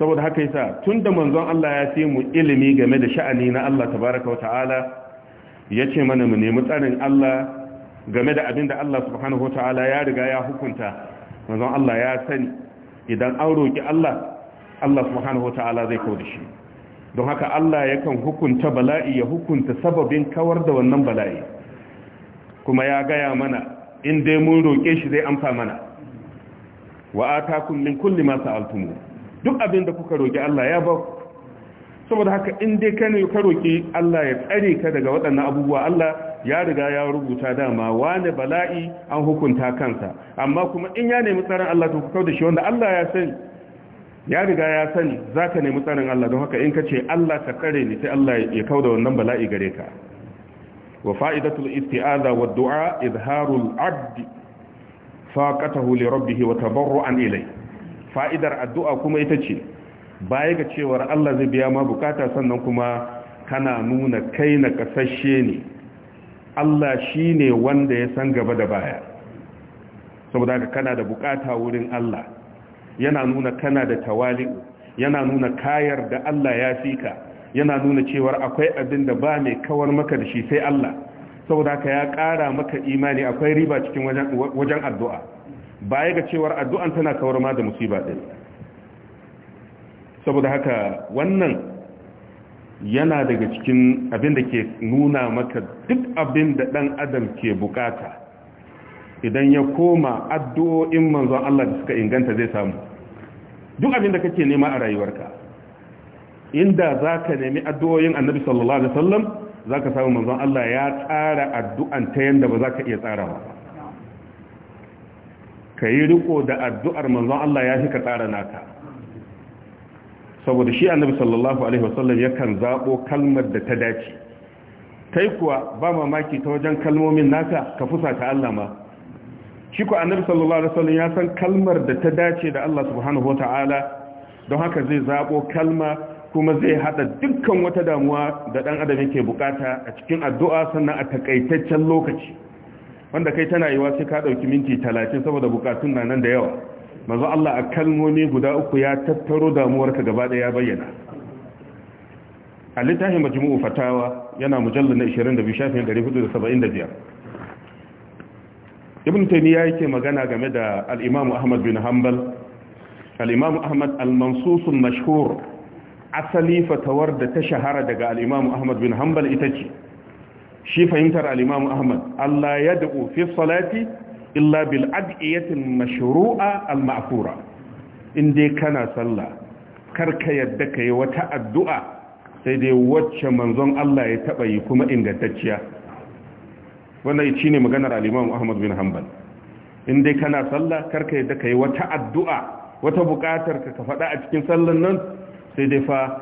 saboda haka yasa tunda manzon Allah ya ce mu ilimi game da sha'ani na Allah tabaraka wa ta'ala yace mana mu nemi tsarin Allah game da abin da Allah subhanahu wa ta'ala ya riga ya hukunta manzon Allah ya sani idan an roki Allah Allah subhanahu wa ta'ala zai kawo da shi don haka Allah yakan hukunta bala'i ya hukunta sababin kawar da wannan bala'i kuma ya gaya mana in dai mun roƙe shi zai amfa mana wa atakum min kulli ma sa'altum duk abin da kuka roƙi Allah ya ba ku. saboda haka in dai ka ka roƙi Allah ya tsare ka daga waɗannan abubuwa Allah ya riga ya rubuta dama wani bala'i an hukunta kansa amma kuma in ya nemi tsaron Allah to ku kauda shi wanda Allah ya sani ya riga ya sani zaka nemi tsaron Allah don haka in ka ce Allah ta tsare ni sai Allah ya kauda wannan bala'i gare ka wa fa'idatul isti'aza wa du'a izharul abdi faqatahu li rabbih wa tabarru'an ilai fa'idar addu'a kuma ita ce baya ga cewar Allah zai biya ma bukata sannan kuma kana nuna kai na kasashe ne Allah shine wanda ya san gaba da baya saboda kana da bukata wurin Allah yana nuna kana da tawali'u yana nuna kayar da Allah ya fi ka. yana nuna cewa akwai abin da ba mai kawar maka da shi sai Allah saboda haka ya ƙara maka imani akwai riba cikin wajen addu'a baya ga cewar addu'an tana kawar ma da musiba ɗin saboda haka wannan yana daga cikin abin da ke nuna maka duk abin da ɗan adam ke bukata idan ya koma addu'o'in manzon Allah da suka inganta zai samu duk abin da kake nema a rayuwarka inda za ka nemi addu'o'in annabi sallallahu alaihi wasallam za ka samu manzon Allah ya tsara addu'an ta yadda ba za ka iya tsara ba ka yi riko da addu'ar manzon Allah ya fi ka tsara naka saboda shi annabi sallallahu alaihi wasallam yakan zaɓo kalmar da ta dace kai kuwa ba mamaki ta wajen kalmomin naka ka fusa ta Allah ma shi ku annabi sallallahu alaihi wasallam ya san kalmar da ta dace da Allah subhanahu wataala don haka zai zaɓo kalma kuma zai hada dukkan wata damuwa da dan adam yake bukata a cikin addu'a sannan a takaitaccen lokaci wanda kai tana yiwa sai ka dauki minti 30 saboda bukatun na nan da yawa manzo Allah a kalmomi guda uku ya tattaro damuwarka gaba ya bayyana al littafin majmu'u fatawa yana mujallal na 22 shafin 475 ibn taymiya yake magana game da al-imam ahmad bin hanbal al-imam ahmad al-mansus al-mashhur asali fatawar da ta shahara daga al'imamu ahmad bin hanbal ita ce shi fahimtar al'imamu ahmad allah ya da'u fi salati illa bil adiyatin mashru'a al ma'fura in dai kana sallah karka yadda ka yi wata addu'a sai dai wacce manzon allah ya taɓa yi kuma ingantacciya wannan shi ne maganar al'imamu ahmad bin hanbal in dai kana sallah karka yadda ka yi wata addu'a wata buƙatar ka faɗa a cikin sallan nan sai dai fa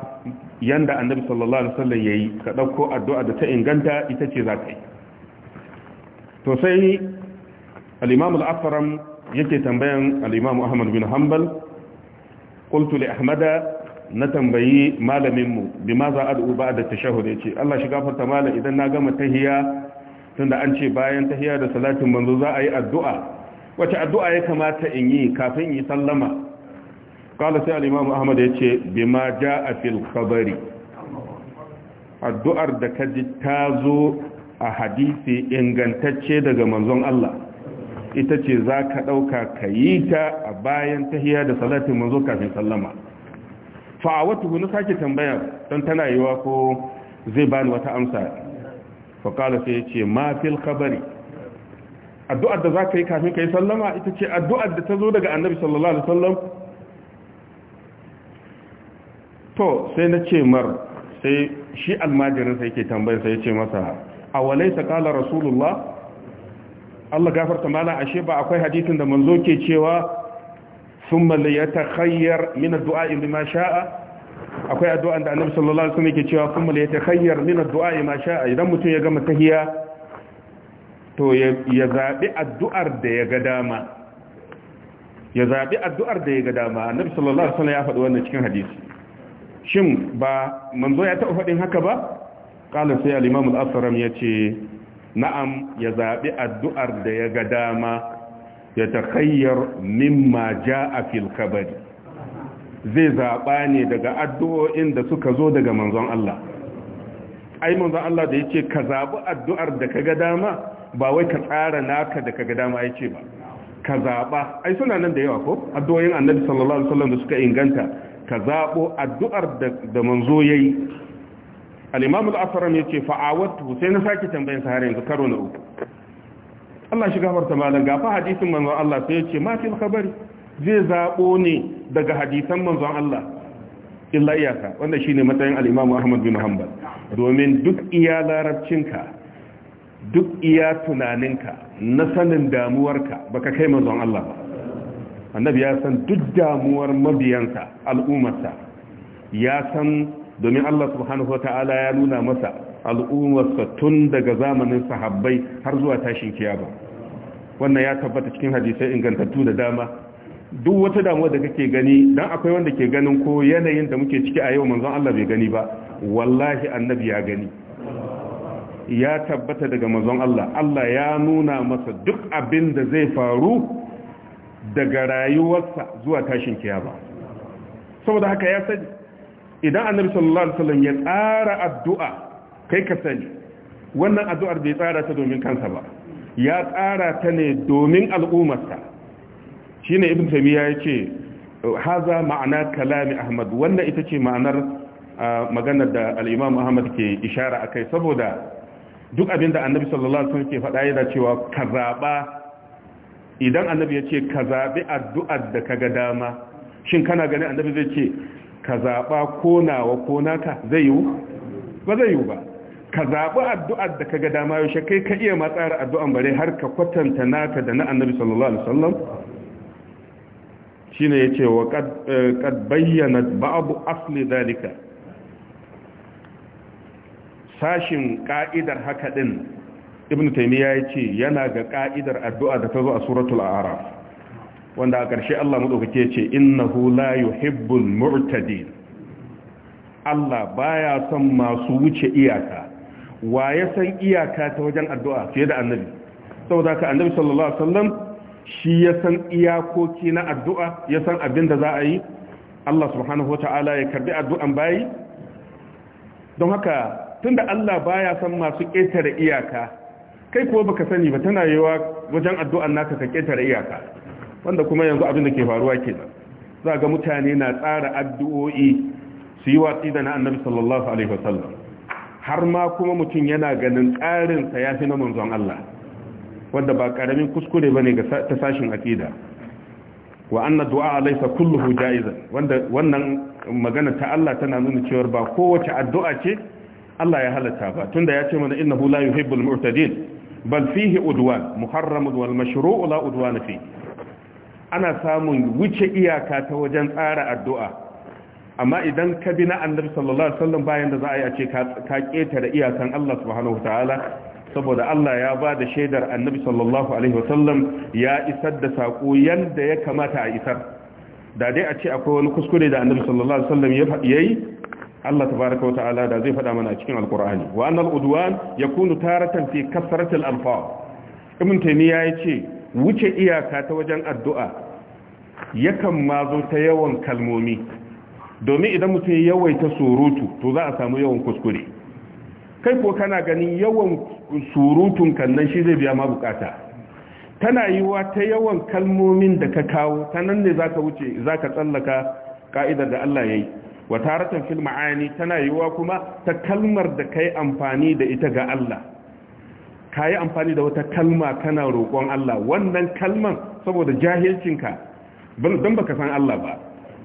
yanda annabi sallallahu alaihi wasallam yayi ka dauko addu'a da ta inganta ita ce za ta yi to sai al-imam al-afram yake tambayan al-imam Ahmad bin Hanbal qultu li Ahmada na tambayi malamin mu bima za ad'u ba'da tashahhud yace Allah shi gafarta mala idan na gama tahiyya tunda an ce bayan tahiyya da salatin manzo za a yi addu'a wace addu'a ya kamata in yi kafin yi sallama kala sai al'imamu ahmad ya ce bima ja a fil addu'ar da ka ji ta zo a hadisi ingantacce daga manzon Allah ita ce za ka ɗauka ka yi ta a bayan tahiya da salatin manzo kafin sallama fa'awatu na sake tambaya don tana yiwa ko zai bani wata amsa faƙala sai ya ce ma fil khabari addu'ar da za ka yi kafin ka yi sallama ita ce addu'ar da ta zo daga annabi sallallahu alaihi wasallam to sai na ce mar sai shi almajirin sai ke tambayar sai ce masa a walaisa kala rasulullah Allah gafarta mala ashe ba akwai hadisin da manzo ke cewa sun thumma ya yatakhayyar min ad-du'a ma sha'a akwai addu'a da Annabi sallallahu alaihi wasallam ke cewa thumma li yatakhayyar min addu'a dua ma sha'a idan mutum ya gama tahiya to ya zabi addu'ar da ya ga dama ya zabi addu'ar da ya ga dama Annabi sallallahu alaihi wasallam ya faɗi wannan cikin hadisi shin ba manzo ya taɓa faɗin haka ba ƙalar sai al'imamu al'asaram ya ce na'am ya zaɓi addu'ar da ya ga dama ya min mimma ja a filkabari zai zaɓa ne daga addu'o'in da suka zo daga manzon Allah ai manzon Allah da ya ce ka zaɓi addu'ar da ka ga dama ba wai ka tsara naka da ka ga dama ya ce ba ka zaɓa ai suna nan da yawa ko addu'o'in annabi sallallahu alaihi wasallam da suka inganta ka zaɓo addu'ar da manzo ya yi al'imamu al'asarar ya ce fa'awattu sai na sake tambayin har yanzu karo na uku Allah shiga farta malam gafa hadisin manzon Allah sai ya ce mafi kabari zai zaɓo ne daga hadisan manzon Allah illa iyaka wanda shi ne matsayin al'imamu ahmad bin domin duk iya larabcinka duk iya tunaninka na sanin damuwarka baka kai manzon Allah ba annabi ya san duk damuwar mabiyansa al'ummarsa ya san domin Allah subhanahu wata'ala ya nuna masa al'ummarsa tun daga zamanin sahabbai har zuwa tashin kiyama wannan ya tabbata cikin hadisai ingantattu da dama duk wata damuwa da kake gani dan akwai wanda ke ganin ko yanayin da muke ciki a yau manzon Allah bai gani ba wallahi annabi ya gani ya tabbata daga manzon Allah Allah ya nuna masa duk abin da zai faru daga rayuwarsa zuwa tashin kiyaba saboda haka ya sani idan annabi sallallahu alaihi wasallam ya tsara addu'a kai ka sani wannan addu'ar bai tsara ta domin kansa ba ya tsara ta ne domin al'ummarsa shine ibn tamiya yace haza ma'ana kalami ahmad wannan ita ce ma'anar maganar da al-imam ahmad ke ishara akai saboda duk abinda annabi sallallahu alaihi wasallam ke faɗa yana cewa ka zaba idan annabi ya ce ka zaɓi addu'ar da ka ga dama shin kana gani annabi zai ce ka zaɓa konawa konaka zai yiwu ba zai yiwu ba ka zaɓi addu'ar da ka ga dama yaushe kai ka iya matsara addu'an bare har ka kwatanta naka da na annabi sallallahu alaihi wasallam shine ce wa qad eh, bayyana ba'du asli zalika sashin ka'idar haka din ibn taymiya ya ce yana ga ka'idar addu'a da ta zo a suratul araf wanda a ƙarshe Allah madaukake yace ce innahu la yuhibbul murtadi Allah baya son masu wuce iyaka wa ya san iyaka ta wajen addu'a fiye da annabi saboda ka annabi sallallahu alaihi wasallam shi ya san iyakoki na addu'a ya san abin da za a yi Allah subhanahu wata'ala ya karbi addu'an bayi don haka tunda Allah baya san masu ƙetare iyaka kai kuwa baka sani ba tana yiwa wajen addu'an naka ka ketare iyaka wanda kuma yanzu abin da ke faruwa ke kenan za ga mutane na tsara addu'o'i su yi watsi da na annabi sallallahu alaihi wasallam har ma kuma mutum yana ganin ƙarin sa fi na manzon Allah wanda ba karamin kuskure bane ga ta sashin aqida wa anna du'a laysa kulluhu jaizan wanda wannan magana ta Allah tana nuna cewa ba kowace addu'a ce Allah ya halatta ba tunda ya ce mana innahu la yuhibbul mu'tadin bal fihi udwan muharram wal mashru'u la udwan fi ana samun wuce iyaka ta wajen tsara addu'a amma idan ka bi na annabi sallallahu alaihi wasallam bayan da za a yi a ce ka ketare iyakan Allah subhanahu wataala saboda Allah ya ba da shaidar annabi sallallahu alaihi wasallam ya isar da sako yanda ya kamata a isar da dai a ce akwai wani kuskure da annabi sallallahu alaihi wasallam ya yi Allah tabaraka wa ta'ala da zai faɗa mana a cikin alkur'ani wa annal udwan yakunu taratan fi kasratil alfaz ibn taymiya yace wuce iyaka ta wajen addu'a yakan ma zo ta yawan kalmomi domin idan mutum ya yawaita surutu to za a samu yawan kuskure kai ko kana ganin yawan surutun kannan shi zai biya ma bukata tana yiwa ta yawan kalmomin da ka kawo ta nan ne zaka wuce zaka tsallaka ka'idar da Allah ya yi. wa taratan fil ma'ani tana yiwuwa kuma ta kalmar da kai amfani da ita ga Allah kayi amfani da wata kalma kana roƙon Allah wannan kalman saboda jahilcinka don baka san Allah ba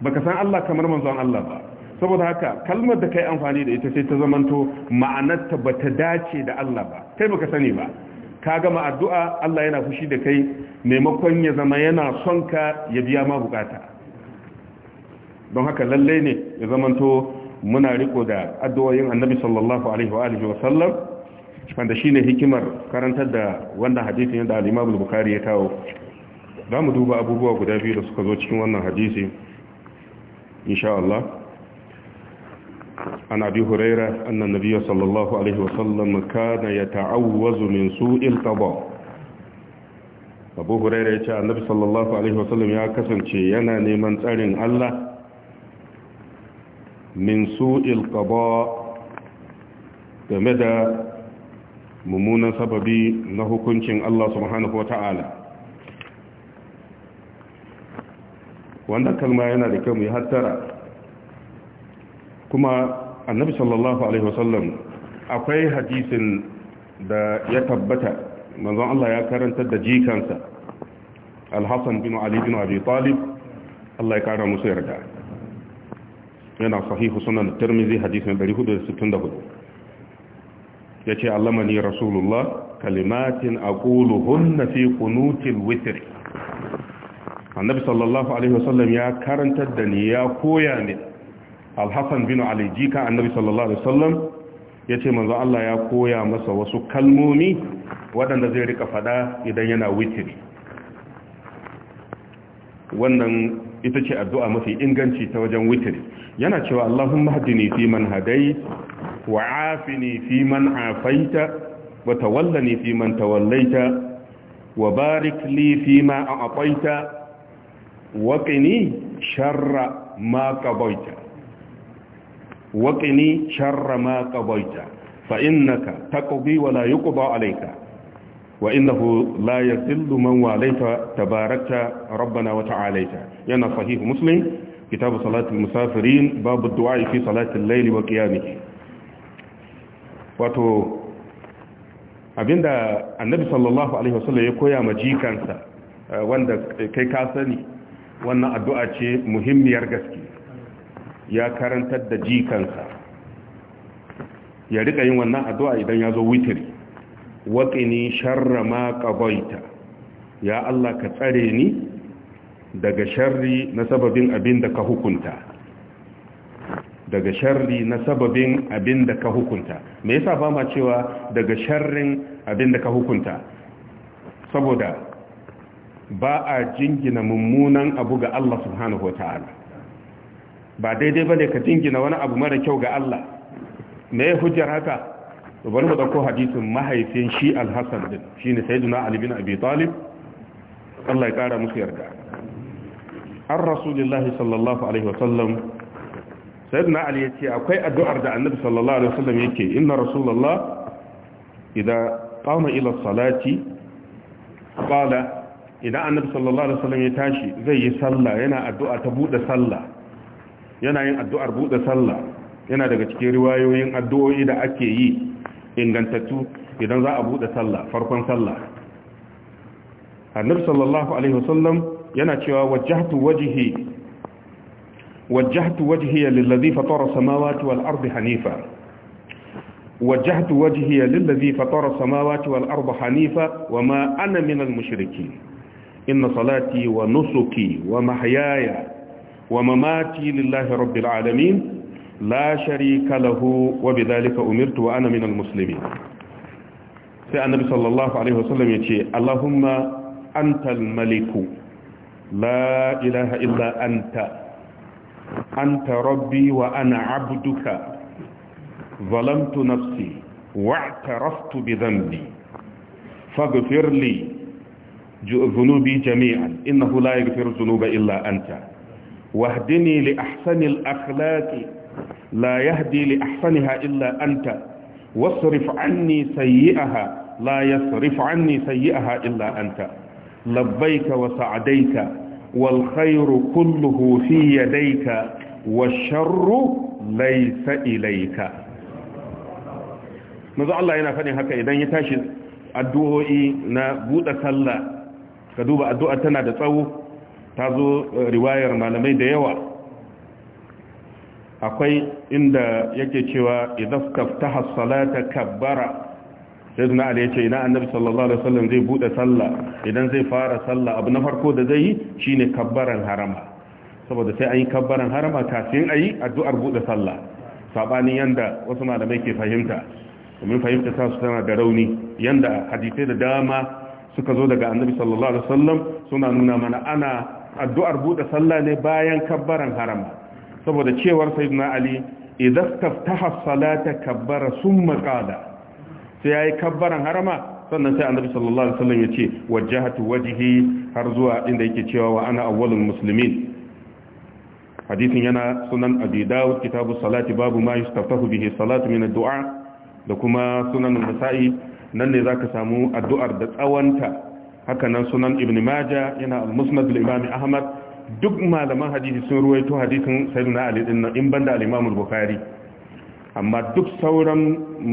baka san Allah kamar manzon Allah ba saboda haka kalmar da kai amfani da ita sai ta zamanto ma'anarta ba ta dace da Allah ba kai baka sani ba ka gama addu'a Allah yana fushi da kai maimakon ya zama yana son ka ya biya ma bukata don haka lalle ne ya zamanto muna riko da addu'o'in annabi sallallahu alaihi wa alihi wa sallam wanda shine hikimar karantar da wannan hadisin da al-Imam al-Bukhari ya tawo? za mu duba abubuwa guda biyu da suka zo cikin wannan hadisi insha Allah an abi huraira anna nabiyyu sallallahu alaihi wa sallam kana yata'awwazu min su'il qada abu huraira ya ce annabi sallallahu alaihi wa sallam ya kasance yana neman tsarin allah min su'il qada game da mummunan sababi na hukuncin Allah subhanahu wata'ala wanda kalma yana da kyau mai hattara kuma annabi sallallahu alaihi wasallam akwai hadisin da ya tabbata manzon Allah ya karantar da jikansa al-Hasan bin Ali bin Abi Talib Allah ya kara musu yarda yana sahihu sunan tirmizi hadisin 464 yace allamani rasulullah kalimatin aquluhunna fi qunutil witr annabi sallallahu alaihi wasallam ya karantar da ni ya koya ni al-hasan bin annabi sallallahu alaihi wasallam ce manzo Allah ya koya masa wasu kalmomi waɗanda zai rika fada idan yana witiri wannan ita ce addu'a mafi inganci ta wajen witiri. yana cewa Allahumma hadini fi man hadai wa afini fi man afaita wa tawallani fi man tawallaita wa barik li fi ma a'taita wa qini sharra ma qabaita wa qini sharra ma qabaita fa innaka taqdi wa la yuqda alayka wa innahu la yadhillu man walaita tabarakta rabbana wa ta'alaita yana sahih muslim kitabu salatul musafirin babu du'a fi salatul layli wa qiyamihi wato abinda annabi sallallahu alaihi wasallam ya koya ma jikansa wanda kai ka sani wannan addu'a ce muhimmiyar gaske ya karantar da jikansa ya riƙa yin wannan addu'a idan ya zo witiri waƙi ni sharrama ƙabaita ya Allah ka tsare ni daga sharri na sababin abin da ka hukunta daga sharri na sababin abin da ka hukunta me yasa ba ma cewa daga sharrin abin da ka hukunta saboda ba a jingina mummunan abu ga Allah subhanahu wataala ba daidai bane ka jingina wani abu mara kyau ga Allah me hujjar haka bari mu dauko hadisin mahaifin shi al-Hasan din shine sayyiduna Ali bin Abi Talib Allah ya kara musu yarda an rasulullahi sallallahu alaihi wasallam sayyidina ali yace akwai addu'ar da annabi sallallahu alaihi wasallam yake inna rasulullah idza qama ila salati qala idan annabi sallallahu alaihi wasallam ya tashi zai yi sallah yana addu'a ta bude sallah yana yin addu'ar bude sallah yana daga cikin riwayoyin addu'o'i da ake yi ingantattu idan za a bude sallah farkon sallah annabi sallallahu alaihi wasallam yana cewa wajjahtu wajhi wajjahtu wajhiya lillazi fatara samawati wal ardi hanifa wajjahtu wajhiya lillazi fatara samawati wal ardi hanifa wama ana min al mushrikin inna salati wa nusuki wa mahyaya wa mamati lillahi rabbil alamin la sharika lahu wa bidhalika umirtu wa ana min al muslimin sai annabi sallallahu alaihi wasallam yace allahumma antal maliku la ilaha illa anta anta rabbi wa ana abduka zalamtu nafsi واعترفت بذنبي فاغفر لي ذنوبي جميعا إنه لا يغفر الذنوب إلا أنت واهدني لأحسن الأخلاق لا يهدي لأحسنها إلا أنت واصرف عني سيئها لا يصرف عني سيئها إلا أنت labbaika wa sa'adaika wal khairu kulluhu fi yadayka washarru laysa ilayka manzo Allah yana fadin haka idan ya tashi addu'o'i na buɗe sallah ka duba addu'a tana da tsawo ta zo riwayar malamai da yawa akwai inda yake cewa idan kaftaha salata kabbara sayyidina ali ya ce ina annabi sallallahu alaihi wasallam zai bude sallah idan zai fara sallah abu na farko da zai yi shine kabbaran harama saboda sai an yi kabbaran harama kafin a yi addu'ar bude sallah sabanin yanda wasu malamai ke fahimta domin fahimta ta su tana da rauni yanda hadisai da dama suka zo daga annabi sallallahu alaihi wasallam suna nuna mana ana addu'ar bude sallah ne bayan kabbaran harama saboda cewar sayyidina ali idza taftaha salata kabbara summa qala sai yayi kabbaran harama sannan sai annabi sallallahu alaihi wasallam yace wajjahatu wajhi har zuwa inda yake cewa wa ana awwalul muslimin hadisin yana sunan abi dawud kitabu salati babu ma yustaftahu bihi salatu min ad-du'a da kuma sunan nasa'i nan ne zaka samu addu'ar da tsawanta haka nan sunan ibn majah yana al-musnad al-imam ahmad duk malaman hadisi sun ruwaito hadisin sayyidina ali din in banda al-imam al-bukhari amma duk sauran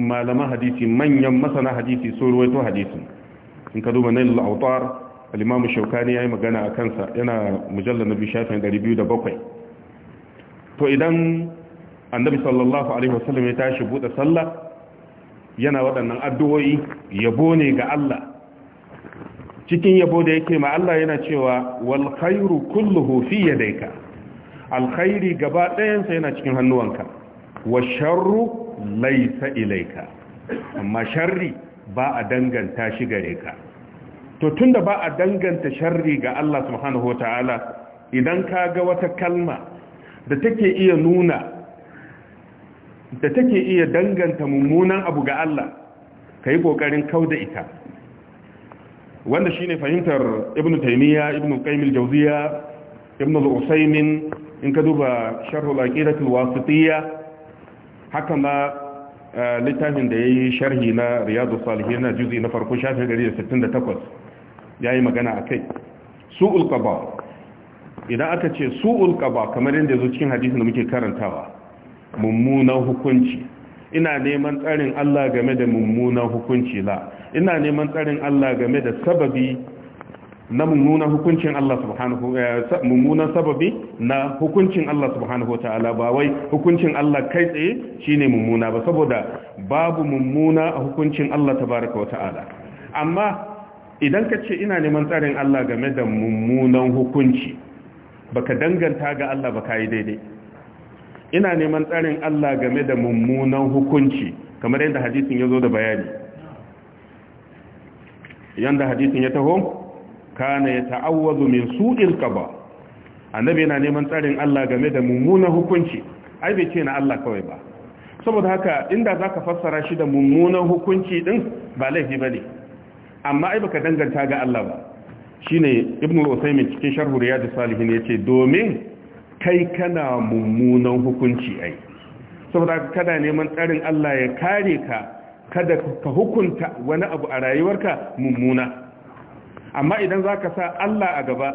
malaman hadisi manyan masana hadisi sun ruwaito hadisin in ka duba nailul autar al-imam shaukani yayi magana a kansa yana mujallal nabi shafin 207 to idan annabi sallallahu alaihi wasallam ya tashi bude sallah yana waɗannan addu'o'i yabo ne ga Allah cikin yabo da yake ma Allah yana cewa wal khairu kulluhu fi yadayka alkhairi gaba ɗayansa yana cikin hannuwanka wa sharru laisa ilaika amma sharri ba a danganta shi gare ka to tunda ba a danganta sharri ga Allah subhanahu wataala idan ka ga wata kalma da take iya nuna da take iya danganta mummunan abu ga Allah kai kokarin da ita wanda shine fahimtar Ibn Taimiyya Ibn qayyim Jauziya jawziya ibnu in ka duba sharh al-aqidah al-wasitiyya haka ma eh, littafin da ya yi sharhi na riyadu Salihi na juzi na farko shafi 168 ya yi magana a kai su'ul qaba idan aka ce su'ul qaba kamar yadda zo cikin hadisin da muke karantawa mummunan hukunci ina neman tsarin Allah game da mummunan hukunci la ina neman tsarin Allah game da sababi na mummunan hukuncin Allah subhanahu eh, mummunan sababi na hukuncin Allah subhanahu ta'ala ba wai hukuncin Allah kai tsaye shine mummuna ba saboda babu mummuna a hukuncin Allah tabaraka ta'ala amma idan ka ce ina neman tsarin Allah game da mummunan hukunci baka danganta ga Allah ba kai daidai ina neman tsarin Allah game da mummunan hukunci kamar yadda hadisin yazo da bayani yanda hadisin ya taho kana ya ta'awwazu min su'il qada annabi yana neman tsarin Allah game da mummunan hukunci ai bai ce na Allah kawai ba saboda haka inda zaka fassara shi da mummunan hukunci din ba laifi bane amma ai baka danganta ga Allah ba shine ibnu usaymin cikin sharhu riyadus salihin yace domin kai kana mummunan hukunci ai saboda kada neman tsarin Allah ya kare ka kada ka hukunta wani abu a rayuwarka mummuna amma idan za ka sa Allah a gaba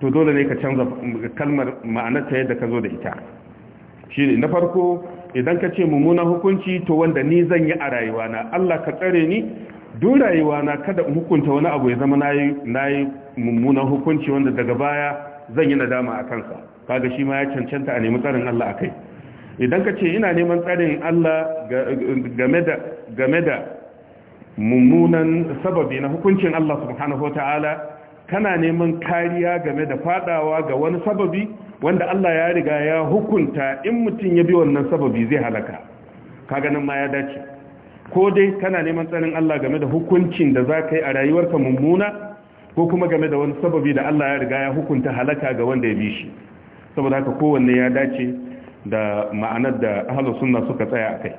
to dole ne ka canza kalmar ta yadda ka zo da ita shi ne na farko idan ka ce mummunan hukunci to wanda ni zan yi a rayuwana Allah ka tsare ni duk rayuwana kada in hukunta wani abu ya zama na yi mummunan hukunci wanda daga baya zan yi nadama a kansa kaga shi ma ya cancanta a nemi tsarin Allah a kai idan ka ce ina neman tsarin Allah game da mummunan sababi na hukuncin Allah subhanahu wa ta'ala kana neman kariya game da fadawa ga wani sababi wanda Allah ya riga ya hukunta in mutum ya bi wannan sababi zai halaka kaga nan ma ya dace ko dai kana neman tsarin Allah game da hukuncin da za ka yi a rayuwarka mummuna ko kuma game da wani sababi da Allah ya riga ya hukunta halaka ga wanda ya bi shi saboda haka kowanne ya dace da ma'anar da ahlus sunna suka tsaya akai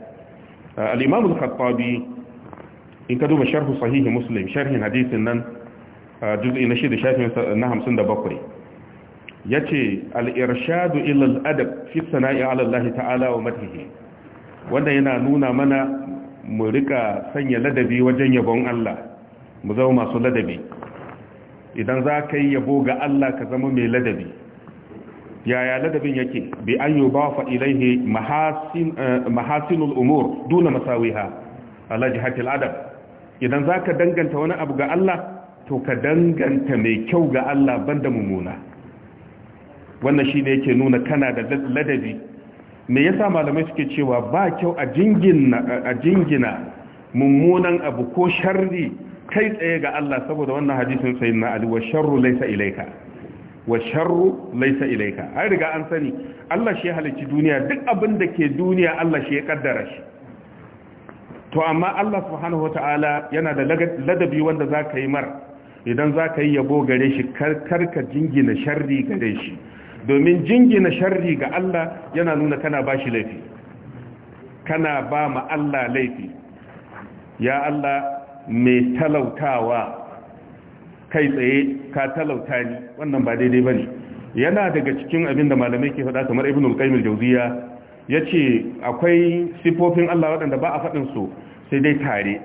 al-imam al-khattabi in ka duba sharhu sahihi muslim sharhin hadisin nan juz'i na shida shafin na hamsin da bakwai ya ce al'irshadu ilal adab fi sana'i alallahi ta'ala wa matihi wanda yana nuna mana mu rika sanya ladabi wajen yabon Allah mu zama masu ladabi idan za ka yi yabo ga Allah ka zama mai ladabi yaya ladabin yake bi an yi ba fa ilaihi eh, mahasinul umur duna masawiha Allah jihatil adab idan za ka danganta wani abu ga Allah to ka danganta mai kyau ga Allah banda mummuna wannan shi ne yake nuna kana da ladabi me yasa malamai suke cewa ba kyau a jingina mummunan abu ko sharri kai tsaye ga Allah saboda wannan hadisin sai na Ali wa sharru laysa ilayka wa sharru laysa ilayka ai riga an sani Allah shi ya halicci duniya duk abin da ke duniya Allah shi ya kaddara shi to amma Allah subhanahu wata'ala yana da ladabi wanda za ka yi mar idan za ka yi yabo gare shi karka jingina sharri gare shi domin jingina sharri ga Allah yana nuna kana ba shi laifi kana ba ma Allah laifi ya Allah mai talautawa kai tsaye ka talauta ni wannan ba daidai ba ne yana daga cikin abin da malamai ke faɗa kamar ibn al-qayyim al-jawziya ya ce akwai sifofin Allah waɗanda ba a faɗinsu sai dai tare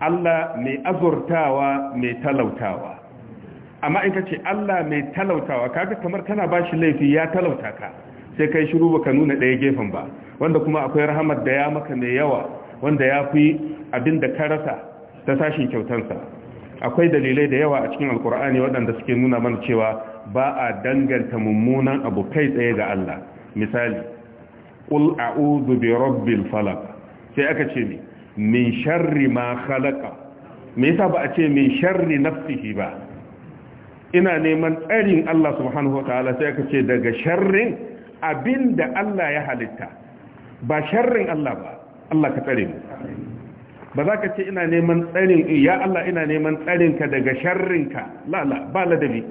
Allah mai azurtawa mai talautawa amma in ka ce Allah mai talautawa kaga kamar tana ba shi laifi ya talauta ka sai kai shiru ka nuna ɗaya gefen ba wanda kuma akwai rahamar da ya maka mai yawa wanda ya fi abin da ka rasa ta sashin kyautansa akwai dalilai da yawa a cikin alkur'ani waɗanda suke nuna mana cewa ba a danganta mummunan abu kai tsaye ga Allah misali qul a'udhu bi rabbil falaq sai aka ce ni min sharri ma khalaqa me yasa ba a ce min sharri nafsihi ba ina neman tsarin Allah subhanahu wataala sai aka ce daga sharrin abinda Allah ya halitta ba sharrin Allah ba Allah ka tsare mu ba za ka ce ina neman tsarin ya Allah ina neman tsarin ka daga sharrinka la la ba ladabi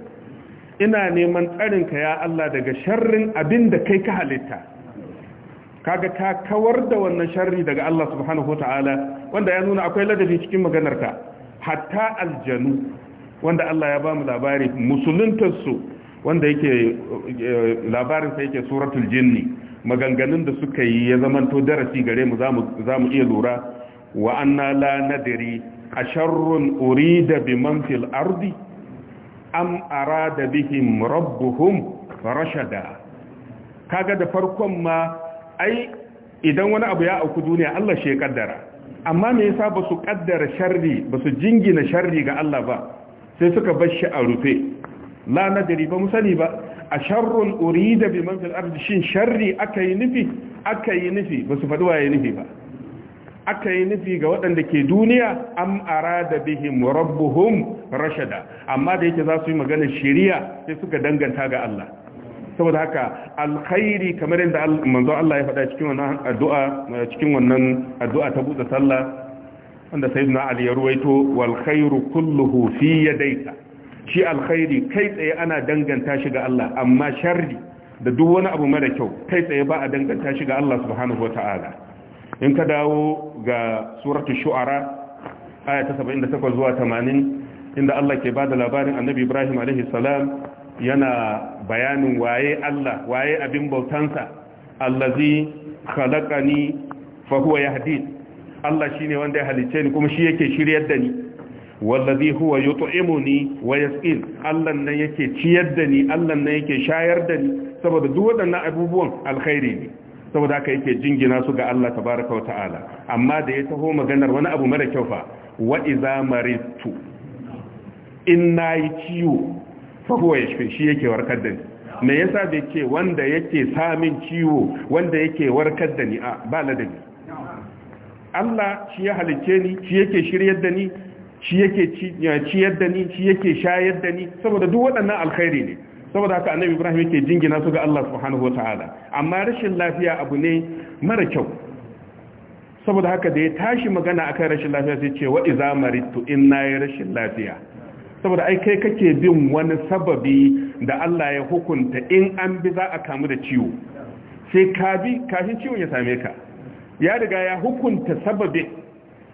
ina neman tsarin ka ya Allah daga sharrin abinda kai ka halitta kaga ta kawar da wannan sharri daga Allah subhanahu wataala wanda ya nuna akwai ladabi cikin maganarta hatta aljanu wanda Allah ya ba mu labari musuluntarsu wanda yake eh, labarin sa yake suratul jinni maganganun da suka yi ya zamanto darasi gare mu zamu iya lura wa anna la nadri asharrun urida biman fil ardi am arada bihim rabbuhum rashada kaga da farkon ma ai idan wani abu ya auku duniya Allah shi ya kaddara amma me yasa ba su kaddara sharri ba su jingina sharri ga Allah ba sai suka bar shi a rufe la nadri ba mu sani ba a sharrun urida bi man fil ardi shin sharri aka nufi aka nufi ba su faɗi waye nufi ba aka yi nufi ga waɗanda ke duniya am arada bihim rabbuhum rashada amma da yake za su yi magana shari'a sai suka danganta ga Allah saboda haka alkhairi kamar yadda manzo Allah ya faɗa cikin wannan addu'a cikin wannan addu'a ta buɗe sallah wanda sayyidina Ali ya ruwaito wal khairu kulluhu fi yadayka shi alkhairi kai tsaye ana danganta shi ga Allah amma sharri da duk wani abu mara kyau kai tsaye ba a danganta shi ga Allah subhanahu wata'ala in ka dawo ga suratu shu'ara aya ta 78 zuwa 80 inda Allah ke bada labarin Annabi Ibrahim alaihi salam yana bayanin waye Allah waye abin bautansa allazi khalaqani fa huwa yahdin Allah shine wanda ya halice ni kuma shi yake shiryar da ni wallazi huwa yut'imuni wa yasqin Allah nan yake ciyar da ni Allah nan yake shayar da ni saboda duk waɗannan abubuwan alkhairi ne saboda haka yake jingina su ga Allah tabaraka wa ta'ala amma da ya taho maganar wani abu mara kyau fa wa iza maritu in nayi ciwo fahuwa ya shi yake warkar da ni me yasa bai ce wanda yake samun ciwo wanda yake warkar da ni a ba ladabi Allah shi ya halicce ni shi yake shiryar da ni shi yake ciyar da ni shi yake shayar da ni saboda duk waɗannan alkhairi ne saboda haka annabi Ibrahim yake jingina su ga Allah subhanahu wataala amma rashin lafiya abu ne mara kyau saboda haka da ya tashi magana akan rashin lafiya sai ce wa iza marittu in yi rashin lafiya saboda ai kai kake bin wani sababi da Allah ya hukunta in an bi za a kamu da ciwo sai ka bi kafin ciwon ya same ka ya riga ya hukunta sababi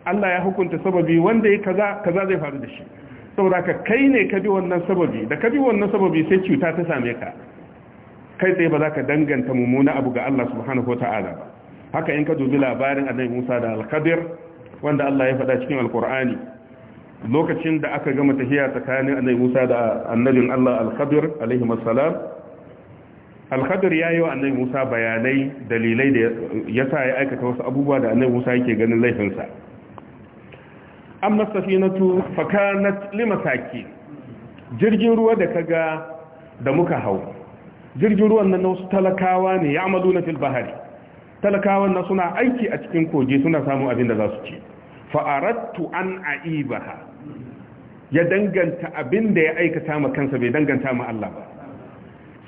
Allah ya hukunta sababi wanda ya kaza kaza zai faru da shi saboda ka kai ne ka bi wannan sababi da ka bi wannan sababi sai ciwo ta same ka kai tsaye ba za ka danganta mummuna abu ga Allah subhanahu wata'ala ba haka in ka dubi labarin annabi Musa da Al-Khadir wanda Allah ya faɗa cikin Al-Qur'ani lokacin da aka gama tafiya tsakanin annabi Musa da annabin Allah al-Khadir alaihi assalam al-Khadir yi wa annabi Musa bayanai dalilai da ya sa ya aikata wasu abubuwa da annabi Musa yake ganin laifin sa amma safinatu fa kanat limasaki jirgin ruwa da kaga da muka hau jirgin ruwan nan wasu talakawa ne na fil bahari talakawan nan suna aiki a cikin kogi suna samun abin da za su ci Fa aradtu an aibaha ya danganta abin da ya aikata ma kansa bai danganta ma Allah ba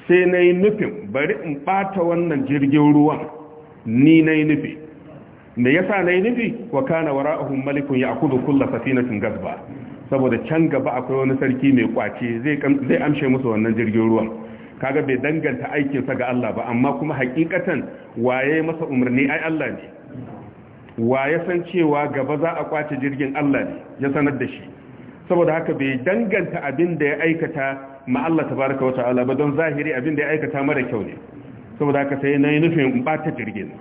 sai nayi yi nufin bari in bata wannan jirgin ruwan ni na yi nufi me ya sa na yi nufi wa kana wara'uhum malikun ya kulla safinatin gazba saboda can gaba akwai wani sarki mai kwace zai amshe musu wannan jirgin ruwan kaga bai danganta aikinsa ga Allah ba amma kuma hakikatan waye masa umarni ai Allah ne waye san cewa gaba za a kwace jirgin Allah ne ya sanar da shi saboda haka bai danganta abin da ya aikata ma Allah tabaraka wata'ala ba don zahiri abin da ya aikata mara kyau ne saboda haka sai na yi nufin in bata jirgin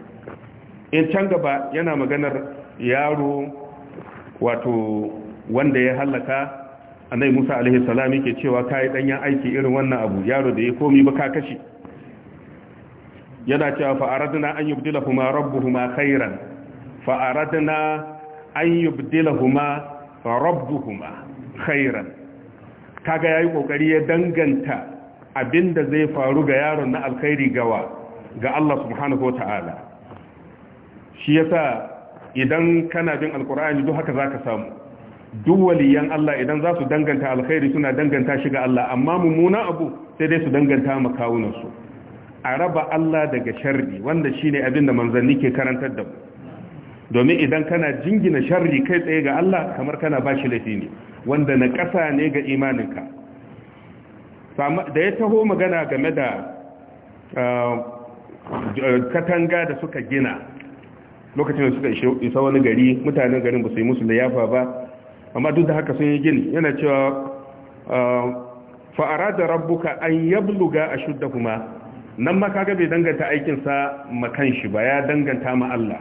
in can gaba yana maganar yaro wato wanda ya hallaka annai musa alaihi salam yake cewa yi danyen aiki irin wannan abu yaro da ya komi ba ka kashi yana cewa fa yi an kuma rabbuhuma kuma fa fa'aradina an yi Rabbu kuma khairan kaga yayi kokari ya danganta abinda zai faru ga yaron na alkhairi gawa ga Allah subhanahu wataala shi yasa idan kana bin alkur'ani duk haka zaka samu duk waliyan Allah idan za su danganta alkhairi suna danganta shi ga Allah amma muna abu sai dai su danganta makawunansu a raba Allah daga sharri wanda shine abinda da manzanni ke karantar da mu domin idan kana jingina sharri kai tsaye ga Allah kamar kana bashi laifi ne wanda na ƙasa ne ga imaninka da ya taho magana game da eh, eh, katanga da suka gina lokacin da suka isa wani gari mutanen garin ba su yi musu da ba amma duk da haka sun yi gini yana cewa eh, fa'ara da rabbuka an yabluga a shudda kuma nan ma bai danganta aikinsa makan shi ba ya danganta ma Allah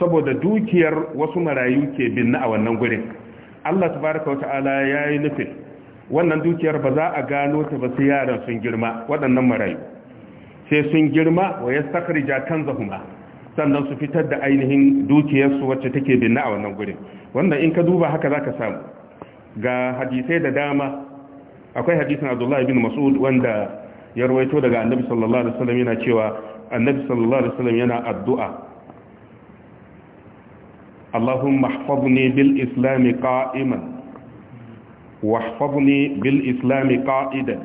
saboda dukiyar wasu marayu ke binna a wannan gurin Allah tabaraka wa ta'ala yayi nufin wannan dukiyar ba za a gano ta ba sai yaran sun girma waɗannan marayu sai sun girma wa yastakhrija kanzahuma sannan su fitar da ainihin dukiyarsu wacce take binna a wannan gurin wannan in ka duba haka zaka samu ga hadisai da dama akwai hadisin Abdullah bin Mas'ud wanda ya rawaito daga Annabi sallallahu alaihi wasallam yana cewa Annabi sallallahu alaihi wasallam yana addu'a اللهم احفظني بالإسلام قائما واحفظني بالإسلام قائدا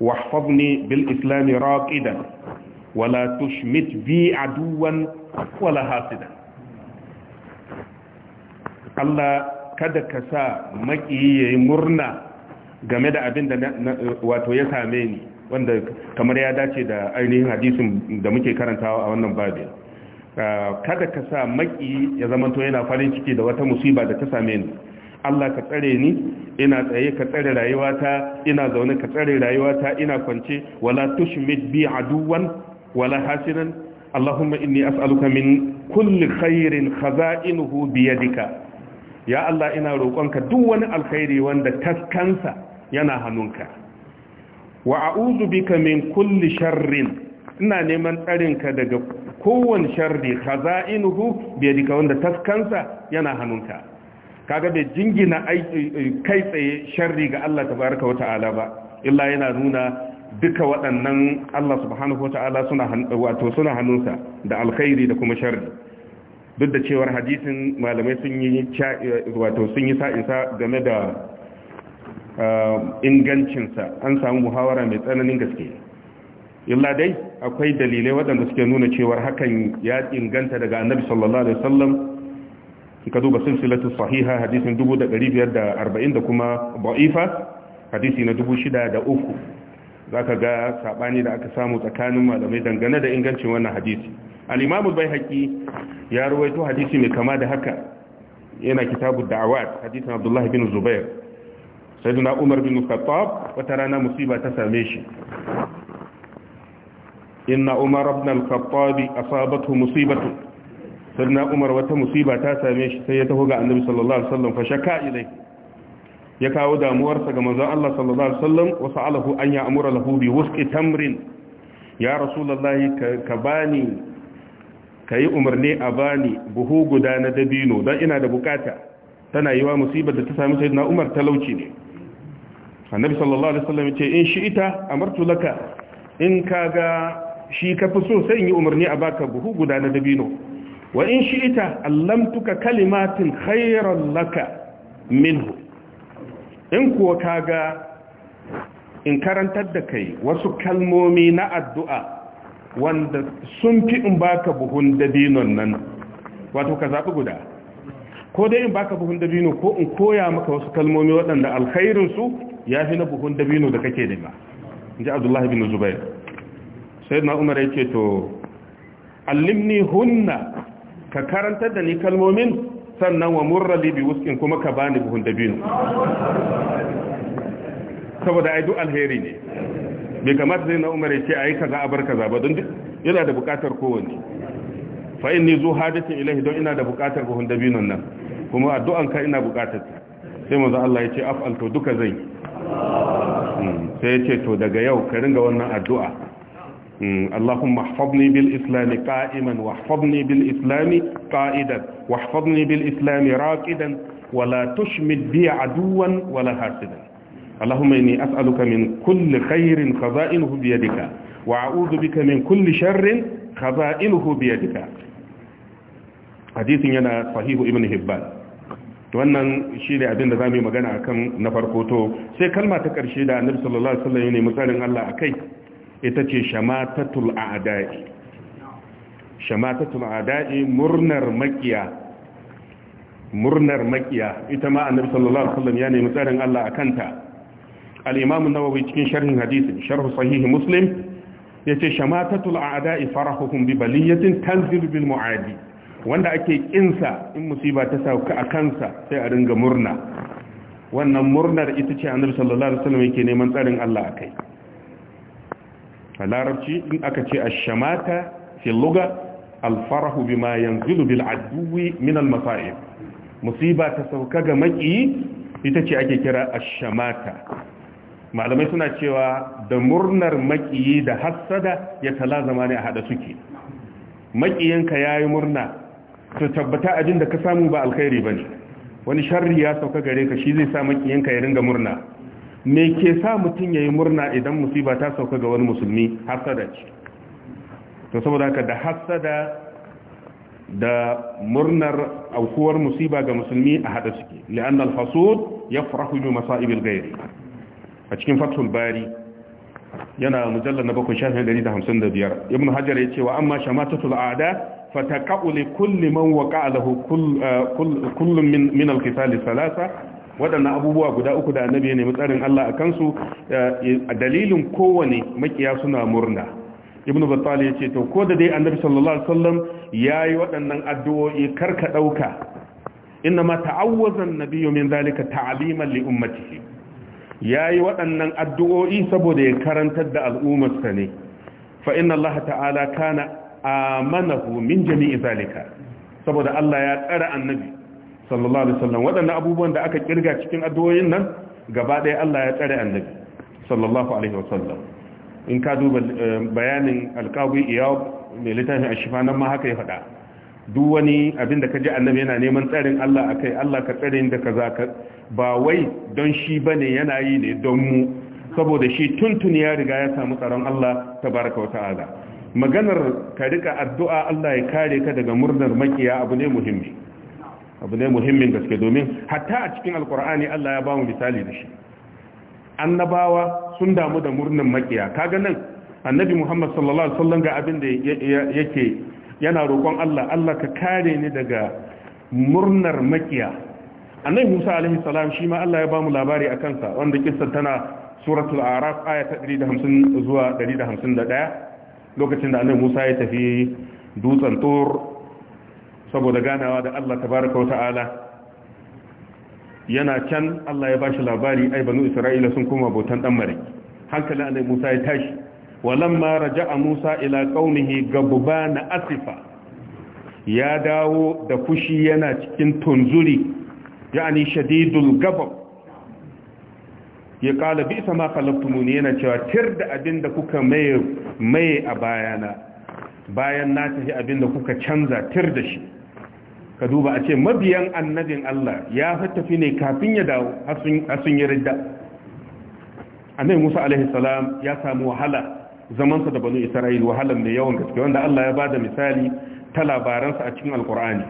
واحفظني بالإسلام راقدا ولا تشمت بي عدوا ولا حاسدا الله كد كسا مكي makiyi game da abin da wato ya same ni wanda kamar ya dace da ainihin hadisin da muke karantawa a wannan babin Ah, kada ka sa maki ya zamanto yana farin ciki da wata musiba da ta same ni Allah ka tsare ni ina tsaye ka tsare rayuwata ina zaune ka tsare rayuwata ina kwance wala tushmit bi aduwan wala hasinan Allahumma inni as'aluka min kulli khairin khaza'inuhu bi yadika ya Allah ina roƙonka duk wani alkhairi wanda taskansa yana hannunka wa a'udhu bika min kulli sharrin ina neman tsarinka daga kowane sharri biya dika wanda taskansa yana hannunka kaga bai jingina eh, kai tsaye sharri ga Allah baraka wa ta'ala ba illa yana nuna duka waɗannan Allah subhanahu wa ta'ala suna hannunsa da alkhairi da kuma sharri duk da cewar hadisin malamai sun yi eh, sun yi sa'isa game da eh, ingancinsa an samu muhawara mai tsananin gaske illa dai akwai dalilai waɗanda suke nuna cewar hakan ya inganta daga annabi sallallahu alaihi wasallam ka duba silsilatu sahiha hadisin 1540 da kuma ba'ifa hadisi na 6003 zaka ga sabani da aka samu tsakanin malamai dangane da ingancin wannan hadisi al-imam al-baihaqi ya ruwaito hadisi mai kama da haka yana kitabu da'awat hadisin abdullah bin zubair sayyidina umar bin khattab wata rana musiba ta same shi inna umar ibn al-khattab asabathu musibatu Sirna umar wata musiba ta same shi sai ya taho ga annabi sallallahu alaihi wasallam fa shaka ilai ya kawo damuwarsa ga manzon Allah sallallahu alaihi wasallam wa sa'alahu an ya'mura lahu bi wusqi tamrin ya rasulullahi ka bani kayi umarni a bani buhu guda na dabino dan ina da bukata tana yiwa musibar da ta sami sayyidina Umar talauci ne annabi sallallahu alaihi wasallam ya ce in shi'ita amartu laka in kaga shi ka fi so sai in yi umarni a baka buhu guda na dabino wa in shi ita allamtuka kalimatin khairan laka minhu in kuwa ga in karantar da kai wasu kalmomi na addu'a wanda sun fi in baka buhun dabinon nan wato ka zaɓi guda ko dai in baka buhun dabino ko in koya maka wasu kalmomi waɗanda alkhairinsu ya fi na buhun dabino da kake nema in ji abdullahi bin zubair sai na umar yake to allimni hunna ka karantar da ni kalmomin sannan wa murrali bi wuskin kuma ka bani buhun dabino saboda ai duk alheri ne bai kamata sai na umar yake ai kaza bar kaza ba don yana da bukatar kowanne fa inni zu hadatin ilahi don ina da bukatar buhun dabinon nan kuma addu'an ka ina bukatar ta sai manzo Allah ya ce af'al to duka zai hmm, sai ya ce to daga yau ka ringa wannan addu'a اللهم احفظني بالإسلام قائما واحفظني بالإسلام قائدا واحفظني بالإسلام راكدا ولا تشمد بي عدوا ولا حاسدا اللهم إني أسألك من كل خير خزائنه بيدك وأعوذ بك من كل شر خزائنه بيدك حديث ينا صحيح ابن هبان wannan shi ne abin da za mu yi magana akan na farko to sai kalma ta ƙarshe da annabi sallallahu alaihi wasallam ne misalin Allah akai ita ce shamatatul a'da'i shamatatul a'da'i murnar makiya murnar makiya ita ma annabi sallallahu alaihi wasallam ya nemi tsarin Allah akan ta al-imam an-nawawi cikin sharhin hadisi sharh sahih muslim yace shamatatul a'da'i farahuhum bi baliyatin tanzilu bil mu'adi wanda ake kinsa in musiba ta sauka a kansa sai a ringa murna wannan murnar ita ce annabi sallallahu alaihi wasallam yake neman tsarin Allah akai a in aka ce ashamata filuga luga alfarahu bima yanzilu bil aduwi min al masa'ib musiba ta sauka ga maki ita ce ake kira ashamata malamai suna cewa da murnar maƙiyi da hassada ya talazama ne a hada suke makiyinka yayi murna to tabbata abin da ka samu ba alkhairi bane wani sharri ya sauka gare ka shi zai sa makiyanka ya ringa murna me ke sa mutum ya yi murna idan musiba ta sauka ga wani musulmi hasada ce to saboda haka da hasada da murnar aukuwar musiba ga musulmi a hada suke li'anna al ya yafrahu bi masa'ib al a cikin fathul bari yana mujallar na 7 shafin biyar. ibnu hajar yace wa amma shamatatul a'da fataqa'u li kulli man waqa'a lahu eh, min min al thalatha waɗannan abubuwa guda uku da annabi ne nemi tsarin Allah a kansu eh, a dalilin kowane makiya suna murna ibnu battal ya ce to ko da dai annabi sallallahu alaihi wasallam yayi waɗannan addu'o'i karka dauka inna ma ta'awwaza an-nabiyyu min zalika ta'liman li ummatihi yayi waɗannan addu'o'i saboda ya karantar da al'ummarsa ne fa inna Allah ta'ala kana amanahu min jami'i zalika saboda Allah ya tsara annabi sallallahu alaihi wasallam waɗannan abubuwan da aka kirga cikin addu'o'in nan gaba ɗaya Allah ya tsare annabi sallallahu alaihi wasallam in ka duba eh, bayanin alqabi iyab mai littafin ashifa nan ma haka ya faɗa duk wani abin da ka ji annabi yana neman tsarin Allah akai Allah ka tsare inda kaza ka ba wai don shi bane yana yi ne don mu saboda shi tuntun ya riga ya samu tsaron Allah tabaraka wa ta'ala maganar ka rika addu'a Allah ya kare ka daga murnar makiya abu ne muhimmi abu ne muhimmin gaske domin hatta a cikin alkur'ani Allah ya ba mu misali da shi annabawa sun damu da murnin makiya kaga nan annabi Muhammad sallallahu alaihi wasallam ga abin da yake yana roƙon Allah Allah ka kare ni daga murnar makiya annabi Musa alaihi salam shi ma Allah ya ba mu labari a kansa wanda kissar tana suratul a'raf aya ta 150 zuwa 151 lokacin da annabi Musa ya tafi dutsen tur saboda ganawa da Allah tabaraka wata'ala yana can Allah ya bashi labari ai banu Isra'ila sun koma bautan dan mare hankalin Annabi Musa ya tashi walamma raja'a Musa ila qaumihi gabbana asifa ya dawo da fushi yana cikin tunzuri yani shadidul Gabaf. ya kala bi sama kalaftumuni yana cewa tir da abin da kuka maye a bayana bayan na tafi abin da kuka canza tir da shi ka duba a ce mabiyan annabin Allah ya tafi ne kafin ya dawo har sun yi ridda annabi Musa alaihi salam ya samu wahala zamansa da banu Isra'il wahalan ne yawan gaske wanda Allah ya bada misali ta labaransa a cikin alkur'ani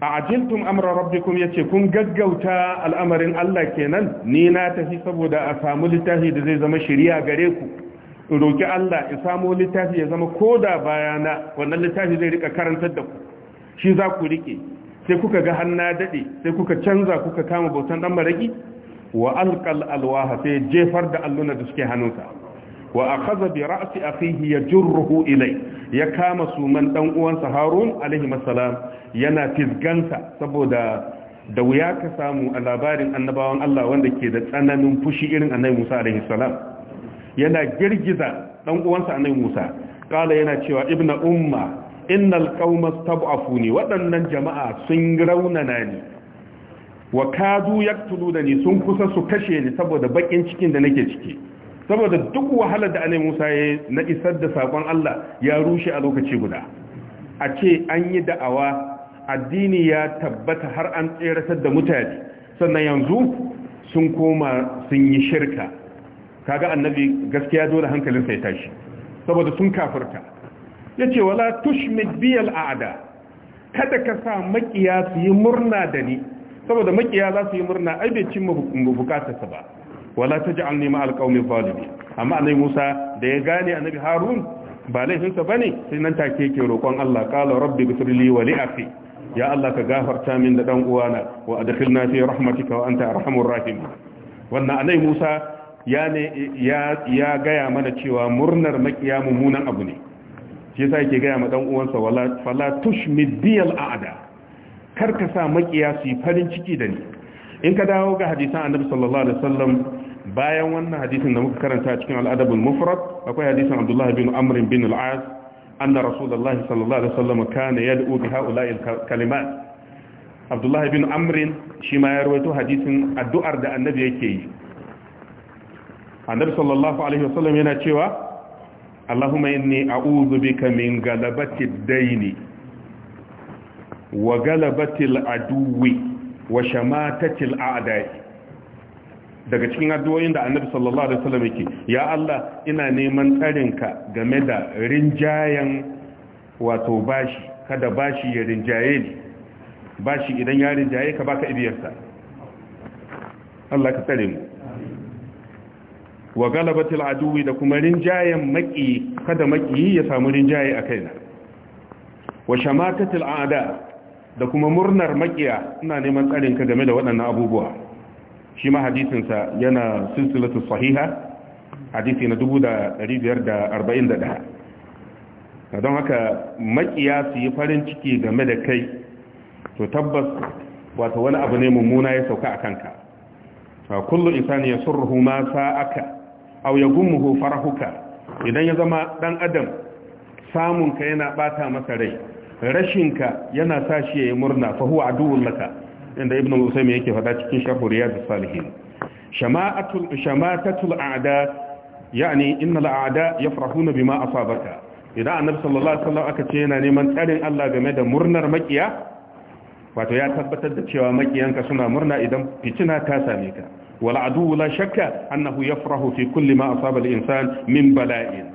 a ajiltum amra rabbikum ce kun gaggauta al'amarin Allah kenan ni na tafi saboda a samu littafi da zai zama shari'a gare ku roki Allah ya samo littafi ya zama ko da bayana wannan littafi zai rika karantar da ku shi za ku rike sai kuka ga hanna dade sai kuka canza kuka kama bautan ɗan maraki wa alqal alwaha sai jefar da alluna da suke hannunsa wa akhadha bi ra'si akhihi yajruhu ilai ya kama suman dan uwansa harun alaihi assalam yana fisganta saboda da wuya ka samu a labarin annabawan Allah wanda ke da tsananin fushi irin annabi Musa alaihi salam yana girgiza dan uwansa annabi Musa kala yana cewa ibna umma innal qauma stab'afuni waɗannan jama'a sun raunana ni wa kadu ni sun kusa su kashe ni saboda bakin cikin da nake ciki saboda duk wahalar da annabi Musa ya na isar da sakon Allah ya rushe a lokaci guda a ce an yi da'awa addini ya tabbata har an tseratar da mutane sannan yanzu sun koma sun yi shirka kaga annabi gaskiya dole hankalinsa ya tashi saboda sun kafirta yace wala tushmid biyal a'da kada ka sa makiya su yi murna da ni saboda makiya za su yi murna ai bai cimma bukatarsa ba wala taj'alni ma alqawmi zalimin amma annabi Musa da ya gane annabi Harun ba laifinsa bane sai nan take yake roƙon Allah qala rabbi ighfirli wa li akhi ya Allah ka gafarta min da dan uwana wa adkhilna fi rahmatika wa anta arhamur rahim wannan annabi Musa ya ya gaya mana cewa murnar makiya mummunan abu ne shi yasa yake gaya ma dan uwansa wala fala tushmid biyal a'da kar ka sa makiya su yi farin ciki da ni in ka dawo ga hadisan annabi sallallahu alaihi wasallam bayan wannan hadisin da muka karanta cikin al-adabul mufrad akwai hadisin Abdullahi bin amr bin al-as anna rasulullah sallallahu alaihi wasallam kana yad'u bi ha'ula'i kalimat Abdullahi bin amr shi ma ya rawaito hadisin addu'ar da annabi yake yi annabi sallallahu alaihi wasallam yana cewa Allahumma inni a'udhu bika min galabati daini wa galabati al-aduwi wa shamatati al-a'da'i daga cikin addu'o'in da annabi sallallahu alaihi wasallam yake ya Allah ina neman tsarinka game da rinjayen wato bashi kada bashi ya rinjaye ni bashi idan ya rinjaye ka baka ibiyarsa Allah ka tsare mu wa galabatil aduwi da kuma rinjayen maki kada maki ya samu rinjaye a kaina wa shamatatil a'da da kuma murnar makiya ina neman tsarin ka game da waɗannan abubuwa shi ma hadisin sa yana silsilatu sahiha hadisi na 1541 don haka makiya su yi farin ciki game da kai to tabbas wata wani abu ne mummuna ya sauka a kanka kullu ya yasurruhu ma sa'aka aw yagummuhu farahuka idan ya zama dan adam samun ka yana bata masa rai rashin ka yana sa shi yayi murna fa huwa aduwwul laka inda ibnu musaim yake fada cikin sharh riyadus salihin shama'atul shamatatul a'da yani innal a'da yafrahuna bima asabaka idan annabi sallallahu alaihi wasallam aka ce yana neman tsarin Allah game da murnar makiya wato ya tabbatar da cewa makiyanka suna murna idan fitina ta same ka والعدو لا شك أنه يفرح في كل ما أصاب الإنسان من بلاء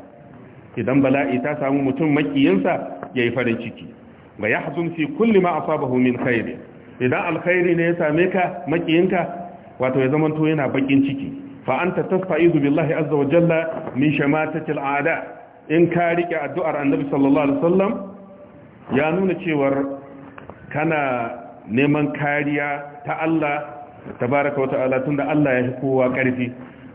إذن بلاء تاسع متم مكي ينسى يفرن شكي ويحزن في كل ما أصابه من خير إذا الخير نيسى ميكا مكي ينكا وتوزمن توينا بكين شكي فأنت تستعيذ بالله عز وجل من شماتة الأعداء إن كارك الدعاء النبي صلى الله عليه وسلم يا نونة شوار كان neman kariya ta Allah tabaraka wa ta'ala tunda Allah ya kowa karfi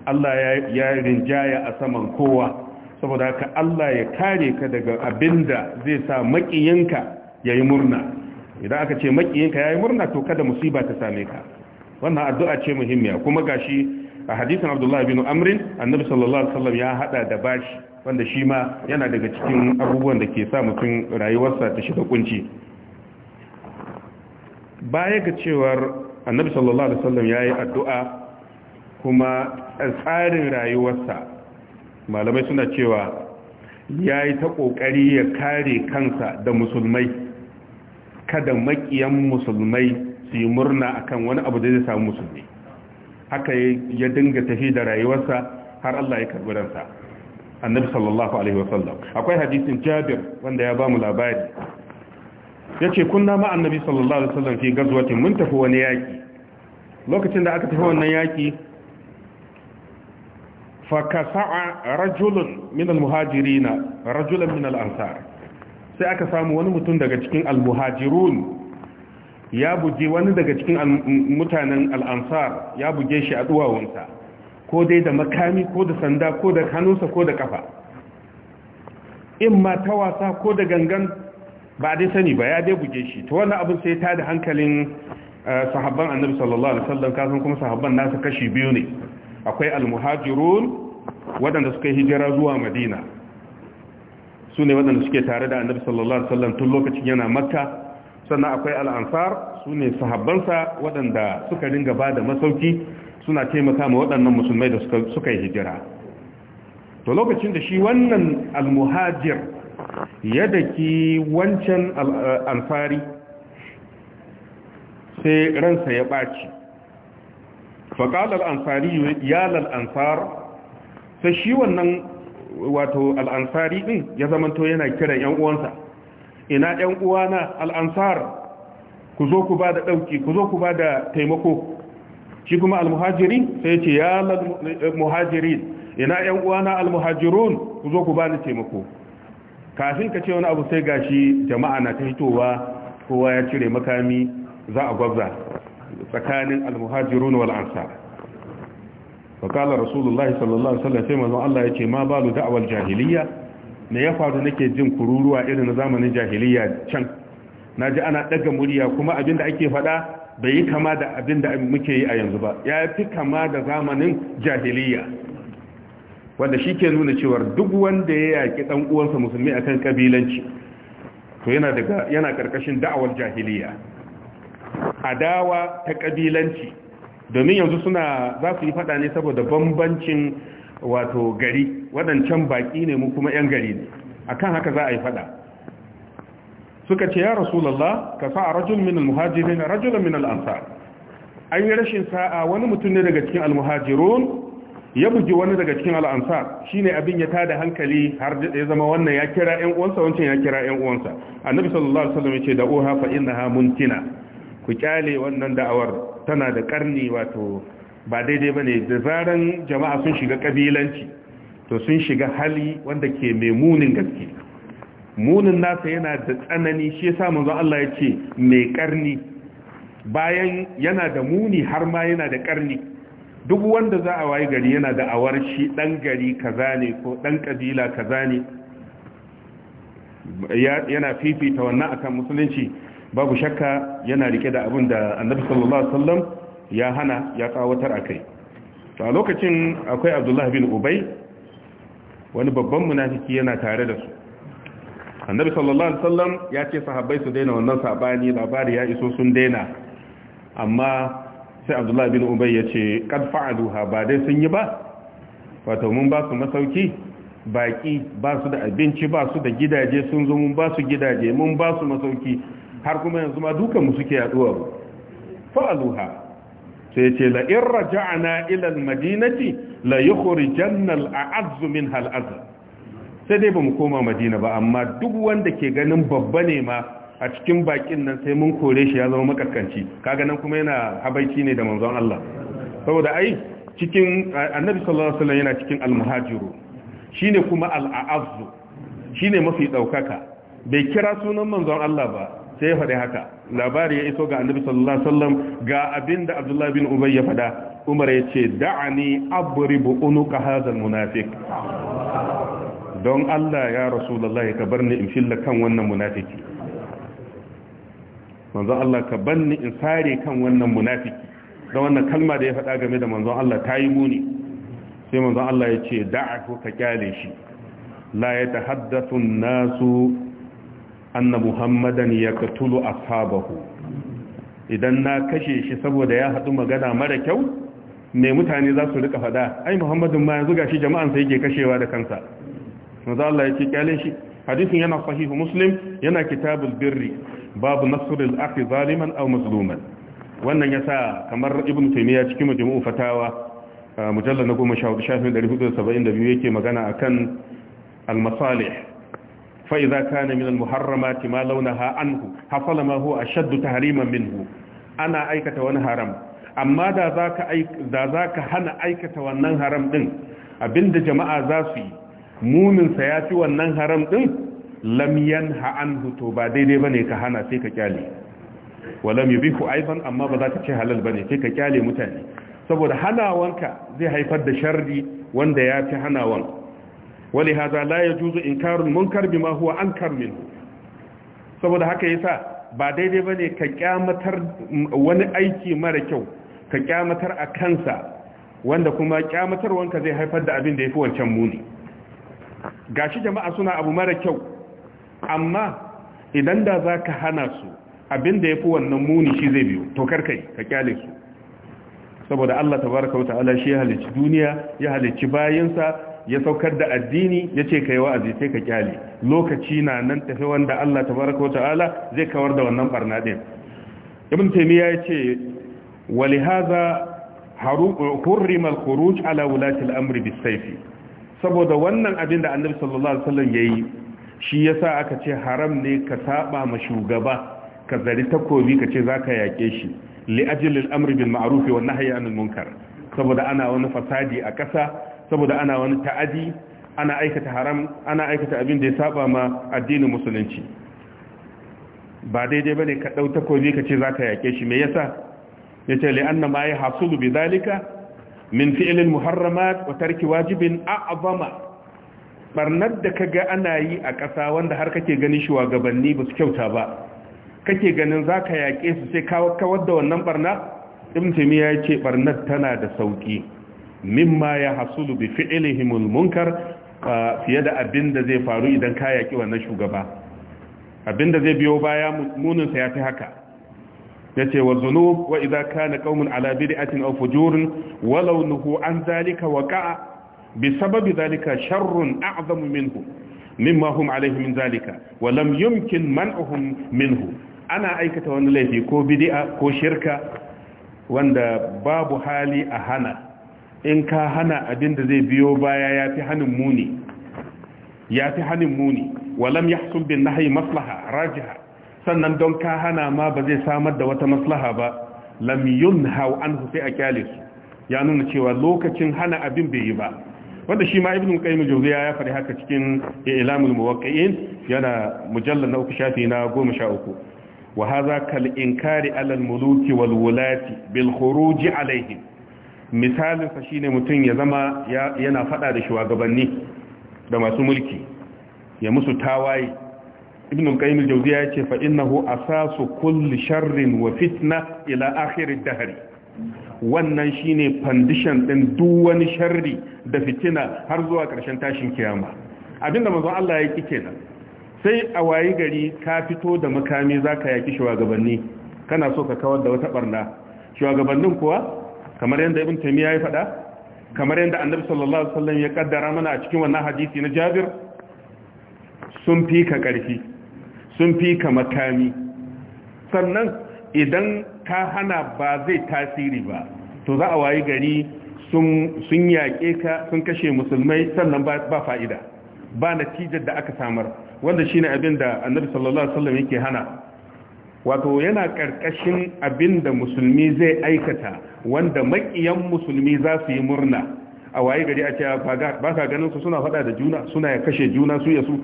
Allah ya rinjaya a saman kowa saboda haka Allah ya kare ka daga abinda zai sa makiyinka yayi murna idan aka ce makiyinka yi murna to kada musiba ta same ka wannan addu'a ce muhimmiya kuma gashi a hadisin Abdullah ibn Amr annabi sallallahu alaihi wasallam ya hada da bashi wanda shi ma yana daga cikin abubuwan da ke sa mutum rayuwarsa ta shiga kunci baya ga cewar annabi sallallahu alaihi wasallam yayi addu'a kuma tsarin rayuwarsa malamai suna cewa yayi ta kokari ya kare kansa da musulmai kada makiyan musulmai su yi murna akan wani abu da zai samu musulmi haka ya dinga tafi da rayuwarsa har Allah ya karbi ransa annabi sallallahu alaihi wasallam akwai hadisin Jabir wanda ya ba mu labari yace kunna ma annabi sallallahu alaihi wasallam fi gazwatin mun tafi wani yaki lokacin da aka tafi wannan yaki fa kasa'a rajulun min almuhajirin rajulan min alansar sai aka samu wani mutum daga cikin almuhajirun ya buge wani daga cikin mutanen al'ansar ya buge shi a duwawunsa ko dai da makami ko da sanda ko da hannunsa ko da kafa in ma ta wasa ko da gangan ba dai sani ba ya dai buge shi to wannan abin sai ta da hankalin eh, sahabban annabi sallallahu alaihi wasallam kasan kuma sahabban nasa kashi biyu ne akwai almuhajirun waɗanda suka hijira zuwa madina su ne waɗanda suke tare da annabi sallallahu alaihi wasallam tun lokacin yana makka sannan akwai al'ansar su ne sahabbansa waɗanda suka ringa ba da masauki suna taimaka ma waɗannan musulmai da suka yi hijira to lokacin da shi wannan almuhajir Yadda ki wancan eh, alfari sai ransa ya ɓaci faƙalar ansari ya lal'ansar sai shi wannan wato al'ansari ɗin ya zamanto yana kiran ‘yan uwansa ina ‘yan uwana al'ansar ku zo ku ba da ɗauki ku zo ku ba da taimako shi kuma almuhajiri sai ce ya muhajiri ina ‘yan uwana almuhajirun ku zo ku ba da taimako kafin ka ce wani abu sai gashi jama'a na ta hitowa kowa ya cire makami za a gwabza tsakanin almuhajirun wal ansar fa kala rasulullahi sallallahu alaihi wasallam sai manzo Allah yace ma balu da'wal jahiliyya ne ya faru nake jin kururuwa irin na zamanin jahiliyya can naji ana daga murya kuma abinda ake fada bai yi kama da abin da muke yi a yanzu ba ya fi kama da zamanin jahiliyya wanda shi ke nuna cewa duk wanda ya yaƙi ɗan uwansa musulmi akan kabilanci to yana ƙarƙashin da'awar jahiliya adawa ta kabilanci domin yanzu suna za su yi faɗa ne saboda bambancin wato gari waɗancan baƙi ne mu kuma 'yan gari ne a kan haka za a yi faɗa. suka ce ya rasulallah ka a rajul min almuhajirin rajulan min al'ansar an yi rashin sa'a wani mutum ne daga cikin almuhajirun ya buge wani daga cikin al'ansar ne abin ya tada hankali har ya zama wannan ya kira ƴan uwansa wancan ya kira ƴan uwansa annabi sallallahu alaihi wasallam ce da uha fa innaha muntina ku kyale wannan da'awar tana da karni wato ba daidai ba ne da zaran jama'a sun shiga kabilanci to sun shiga hali wanda ke mai munin gaske munin nasa yana da tsanani shi ya yasa manzo Allah ya ce mai karni bayan yana da muni har ma yana da karni duk wanda za a wayi gari yana da awar shi dan gari kaza ne ko dan kabila kaza ne yana fifita wannan akan musulunci babu shakka yana rike da abin da annabi sallallahu alaihi wasallam ya hana ya tsawatar akai to a lokacin akwai abdullah bin ubay wani babban munafiki yana tare da su annabi sallallahu alaihi wasallam ya ce sahabbai su daina wannan sabani labari ya iso sun daina amma sai abdullahi bin ubay ya ce kad fa'aluha ba dai sun yi ba wato mun ba su masauki baki ba su da abinci ba su da gidaje sun zo mun ba su gidaje mun ba su masauki har kuma yanzu ma dukan mu suke yaduwa ba fa'aluha sai ce la in raja'na ila al-madinati la yukhrijanna al-a'azzu minha sai dai bamu koma madina ba amma duk wanda ke ganin babba ne ma a cikin bakin nan sai mun kore shi ya zama makaskanci kaga nan kuma yana habaici ne da manzon Allah saboda ai cikin annabi sallallahu alaihi wasallam yana cikin al-muhajiru shine kuma al-a'azzu shine mafi daukaka bai kira sunan manzon Allah ba sai faɗi haka labari ya iso ga annabi sallallahu alaihi wasallam ga abinda abdullahi bin ubay ya faɗa umar ya ce da'ani abribu unuka hadha al don Allah ya rasulullahi ka bar ni in shilla kan wannan munafiki manzon Allah ka banni in sare kan wannan munafiki da wannan kalma da ya faɗa game da manzon Allah ta yi muni sai manzon Allah ya ce da'ahu ka kyale shi la ya tahaddathu nasu anna muhammadan yaqtulu ashabahu idan na kashe shi saboda ya haɗu magana mara kyau me mutane za su rika faɗa ai muhammadin ma yanzu gashi jama'an sa yake kashewa da kansa manzon Allah ya ce kyale shi hadisin yana sahihu muslim yana kitabul birri babu nasrul akhi zaliman aw mazluman wannan yasa kamar ibn taymiya cikin majmu'u fatawa mujallal na 14 shafin yake magana akan al-masalih fa idza kana min al-muharramati ma launaha anhu hasala ma huwa ashaddu tahriman minhu ana aikata wani haram amma da zaka da zaka hana aikata wannan haram din abinda jama'a za su yi muminsa ya yafi wannan haram din lam yanha anhu to ba daidai bane ka hana sai ka kyale walam yubihu aidan amma ba za ka ce halal bane sai ka kyale mutane saboda hanawanka zai haifar da sharri wanda ya fi hanawan wali hada la yajuzu mun munkar ma huwa ankar minhu saboda haka yasa ba daidai bane ka kyamatar wani aiki mara kyau ka kyamatar a kansa wanda kuma kyamatar wanka zai haifar da abin da yafi wancan muni gashi jama'a suna abu mara kyau amma idan da za ka hana su abinda ya fi wannan muni shi zai biyu to karkai ka kyale su saboda Allah tabaraka wa ta'ala shi ya halicci duniya ya halicci bayansa ya saukar da addini ya ce ka yi wa'azi sai ka kyale lokaci na nan tafi wanda Allah tabaraka wa ta'ala zai kawar da wannan barna din ibn taymiya ya ce wali hadha hurrima al-khuruj ala wulati al-amr bis saboda wannan abin da annabi sallallahu alaihi wasallam yayi shi yasa aka ce haram ne ka saba ma shugaba ka zari takobi ka ce zaka yake shi li ajlil amri bil ma'ruf wa nahyi anil munkar saboda ana wani fasadi a ƙasa saboda ana wani ta'adi ana aikata haram ana aikata abin da ya saba ma addinin musulunci ba daidai bane ka dau takobi ka ce zaka yake shi me yasa yace li anna ma yahsulu bi dhalika min fi'l al muharramat wa tarki wajibin a'zama barnar da ka ga ana yi a ƙasa wanda har kake ganin shugabanni ba su kyauta ba kake ganin za ka yaƙe su sai kawar da wannan barna ibn taymiya ya ce barnar tana da sauƙi mimma ya hasulu bi fi'lihimul munkar fiye da abin da zai faru idan ka yaƙi wannan shugaba abin da zai biyo baya muninsa ya fi haka ya ce wa zunub wa idza kana qaumun ala bid'atin aw fujurin walau nuhu an zalika waqa'a بسبب ذلك شر أعظم منه مما هم عليه من ذلك ولم يمكن منعهم منه أنا أيكة ونليه كو بدئة كو شركة وند باب حالي أهنا إن كهنا أبين ذي بيو بايا ياتي هنموني ياتي هنموني ولم يحصل بالنهي مصلحة راجحة sannan don ka hana ma ba zai samar da wata maslaha ba lam yunhau anhu sai a kyale su ya nuna cewa lokacin hana abin bai yi ba wanda shi ma ibnu qayyim jawziya ya faɗi haka cikin ilamul muwaqqi'in yana mujallal na uku shafi na 13 wa hadha kal inkari ala al muluki wal wulati bil khuruj alaihim misalin sa shine mutun ya zama yana faɗa da shugabanni da masu mulki ya musu tawaye ibn qayyim al ya yace fa innahu asasu kulli sharrin wa fitna ila akhir ad-dahr wannan shine fandishan din duk wani sharri da fitina har zuwa ƙarshen tashin kiyama abinda manzon Allah ya ki kenan sai a wayi gari ka fito da makami zaka yaki shugabanni kana so ka kawar da wata barna shugabannin kuwa kamar yadda ibn taymiya ya faɗa kamar yadda annabi sallallahu alaihi wasallam ya kaddara mana a cikin wannan hadisi na Jabir sun fi ka makami sannan idan ka hana ba zai tasiri ba to za a wayi gari sun yaƙe ka sun kashe musulmai sannan ba fa'ida ba natijar da aka samar wanda shine abin da annabi sallallahu alaihi wasallam yake hana wato yana karkashin abin da musulmi zai aikata wanda maƙiyan musulmi za su yi murna a waye gari a cewa ah, ba ka ganin su suna fada da juna suna ya kashe juna su ya su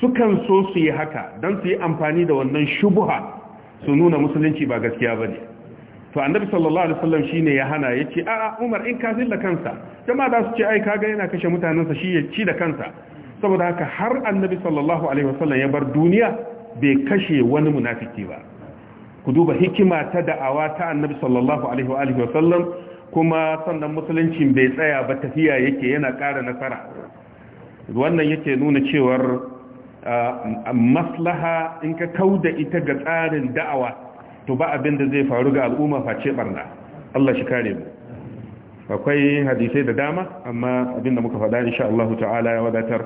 sukan so su yi haka don su yi amfani da wannan shubuha su nuna musulunci ba gaskiya ba ne to annabi sallallahu alaihi wasallam shine ya hana ya ce a'a umar in ka da kansa jama'a za su ce ai kaga yana kashe mutanensa shi ya ci da kansa saboda haka har annabi sallallahu alaihi wasallam ya bar duniya bai kashe wani munafiki ba ku duba hikima ta da'awa ta annabi sallallahu alaihi wasallam kuma sannan musulunci bai tsaya ba tafiya yake yana ƙara nasara wannan yake nuna cewar maslaha in ka kauda ita ga tsarin da'awa to ba abin da zai faru ga al'umma face barna Allah shi kare mu akwai hadisai da dama amma abin da muka faɗa insha Allah ta'ala ya wadatar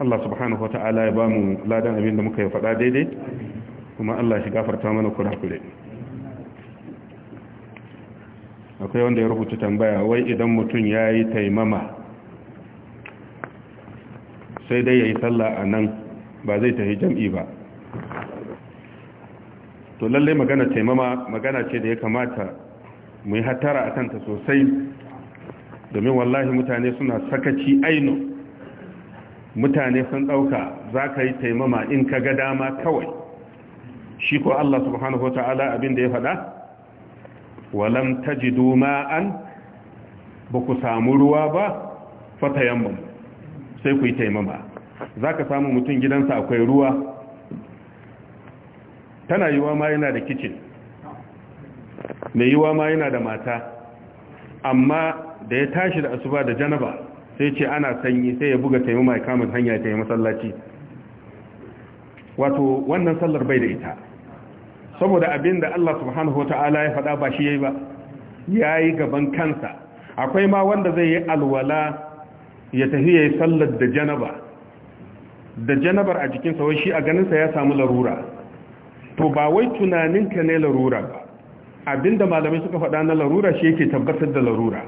Allah subhanahu wa ta'ala ya ba mu ladan abin da muka yi faɗa daidai kuma Allah shi gafarta mana kurakure akwai wanda ya rubuta tambaya wai idan mutum ya yi taimama sai dai ya yi sallah a nan ba zai tafi jam'i ba to lallai magana taimama magana ce da ya kamata mu yi hatara a kanta sosai domin wallahi mutane suna sakaci aino mutane sun ɗauka za ka yi taimama in ka ga dama kawai shi ko Allah subhanahu wa ta'ala abinda ya faɗa walam ji an ba ku samu ruwa ba fata yamman sai ku yi taimama za ka samu mutum gidansa akwai ruwa tana yiwa ma yana da kicin mai yiwa ma yana da mata amma da ya tashi da asuba da janaba sai ce ana sanyi sai ya buga taimu mai kamun hanya ta yi masallaci wato wannan sallar bai da ita saboda abin da Allah subhanahu ta'ala ya faɗa ba shi ya yi ba ya yi gaban kansa akwai ma wanda zai yi alwala ya tafi yayi sallar da janaba da janabar a jikinsa wai shi a ganinsa ya samu larura to ba wai tunaninka ne larura ba abinda malamai suka faɗa na larura shi yake tabbatar da larura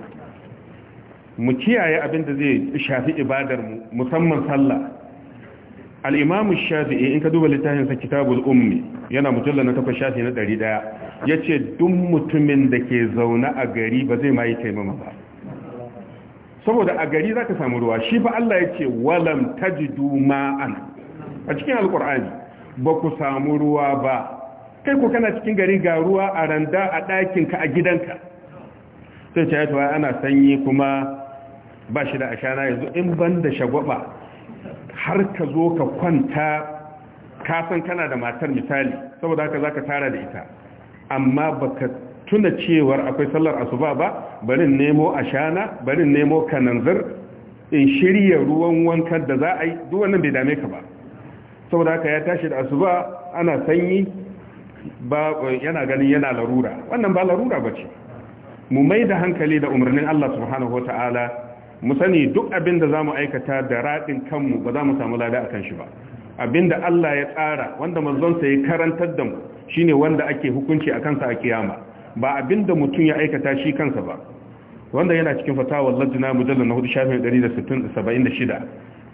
mu kiyaye abinda zai shafi ibadar mu musamman sallah al-imam shafi'i in ka duba littafin sa kitabul ummi yana mujalla na takwas shafi na 100 yace duk mutumin da ke zauna a gari ba zai mai taimama ba saboda a gari zaka samu ruwa shi fa Allah yace walam tajidu ma'an a cikin alkur'ani ba ku samu ruwa ba kai ko kana cikin gari ga ruwa a randa a ɗakin ka a gidanka sai ce yato ana sanyi kuma ba shi da ashana yanzu in ban da shagwaba har ka zo ka kwanta kasan kana da matar misali saboda haka zaka tara da ita amma baka tuna cewar akwai sallar asuba ba barin nemo ashana barin nemo kananzir in shirya ruwan wanka da za a yi duk wannan bai dame ka ba saboda haka ya tashi da asuba ana sanyi ba yana ganin yana larura wannan ba larura ba ce mu mai da hankali da umarnin Allah subhanahu wa ta'ala mu sani duk abin da za mu aikata da raɗin kanmu ba za mu samu lada a kan shi ba abin da Allah ya tsara wanda manzonsa ya karantar da mu shine wanda ake hukunci a kansa a kiyama ba abinda mutum ya aikata shi kansa ba wanda yana cikin fatawar lajina mujallar na hudu shafin 176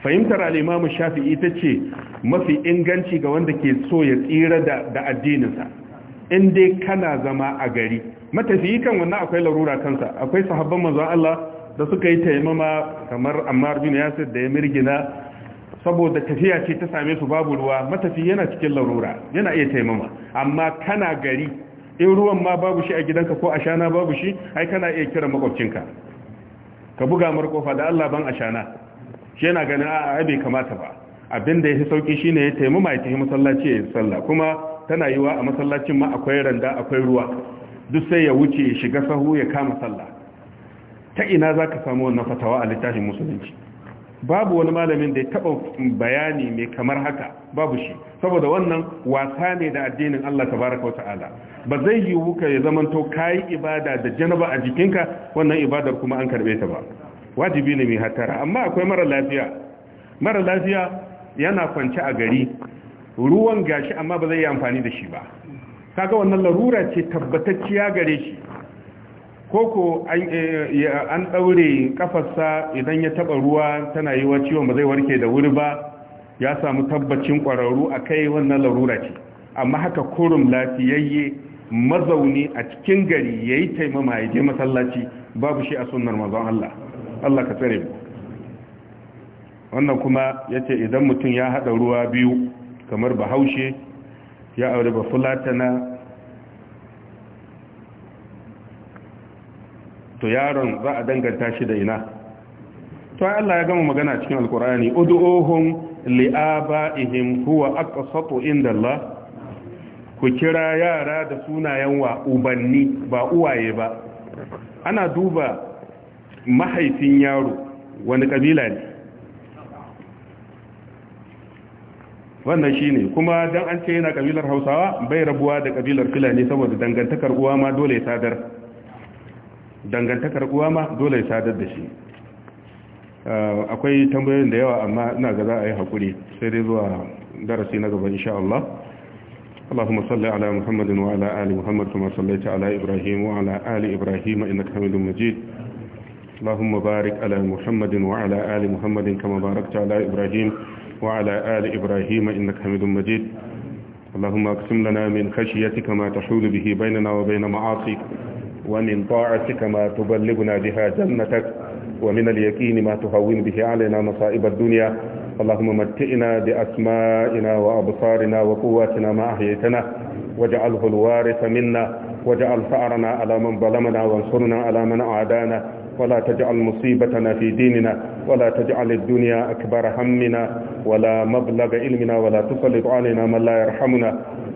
fahimtar alimamun shafi'i ita ce mafi inganci ga wanda ke so ya tsira da addininsa in dai kana zama a gari matafiyi kan wannan akwai larura kansa akwai sahabban mazu Allah da suka yi taimama kamar Ammar bin Yasir da ya mirgina saboda tafiya ce ta same su babu ruwa matafi yana cikin larura yana iya taimama amma kana gari in ruwan ma babu shi a gidanka ko a shana babu shi ai kana iya kiran makwabcinka ka buga mar kofa da Allah ban a shana shi yana ganin a'a bai kamata ba abin da ya fi sauki shine ya taimu mai ya tafi masallaci ya salla kuma tana yiwa a masallacin ma akwai randa akwai ruwa duk sai ya wuce ya shiga sahu ya kama sallah ta ina zaka samu wannan fatawa a littafin musulunci babu wani malamin da ya taba bayani mai kamar haka babu shi saboda wannan wasa ne da addinin Allah tabaraka wata'ala ba zai yiwu ka ya zamanto kayi ibada da janaba a jikinka wannan ibadar kuma an karbe ta ba wajibi ne mai hatara amma akwai mara lafiya mara lafiya yana kwance a gari ruwan gashi amma ba zai yi amfani da shi ba kaga wannan larura ce tabbatacciya gare shi koko eh, an ɗaure kafarsa idan ya taɓa ruwa tana yi wa ciwon ba zai warke da wuri ba ya samu tabbacin ƙwararru a kai wannan larura ce amma haka kurum lafiyayye mazauni a cikin gari ya yi taimama ya je masallaci babu shi a sunar mazan Allah Allah ka tsere mu wannan kuma ya ce idan mutum ya haɗa ruwa biyu kamar bahaushe ya aure ba fulatana to yaron za a danganta shi da ina to Allah ya gama magana cikin alkur'ani ud'uhum li'aba'ihim huwa aqsatu inda Allah ku kira yara da sunayen wa ubanni ba uwaye ba ana duba mahaifin yaro wani kabila ne wannan shine kuma dan an ce yana kabilar Hausawa bai rabuwa da kabilar Fulani saboda dangantakar uwa ma dole ya sadar dangantakar uwa ma dole ya sadar da shi akwai tambayoyin da yawa amma ina ga za a yi haƙuri sai dai zuwa darasi na gaba insha Allah اللهم صل على محمد وعلى آل محمد كما صليت على إبراهيم وعلى آل إبراهيم إنك حميد مجيد اللهم بارك على محمد وعلى آل محمد كما باركت على إبراهيم وعلى آل إبراهيم إنك حميد مجيد اللهم اقسم لنا من خشيتك ما تحول به بيننا وبين معاصيك ومن طاعتك ما تبلغنا بها جنتك ومن اليقين ما تهون به علينا مصائب الدنيا اللهم متئنا بأسمائنا وأبصارنا وقواتنا ما أحييتنا واجعله الوارث منا واجعل ثأرنا على من ظلمنا وانصرنا على من أعادانا ولا تجعل مصيبتنا في ديننا ولا تجعل الدنيا أكبر همنا ولا مبلغ علمنا ولا تسلط علينا من لا يرحمنا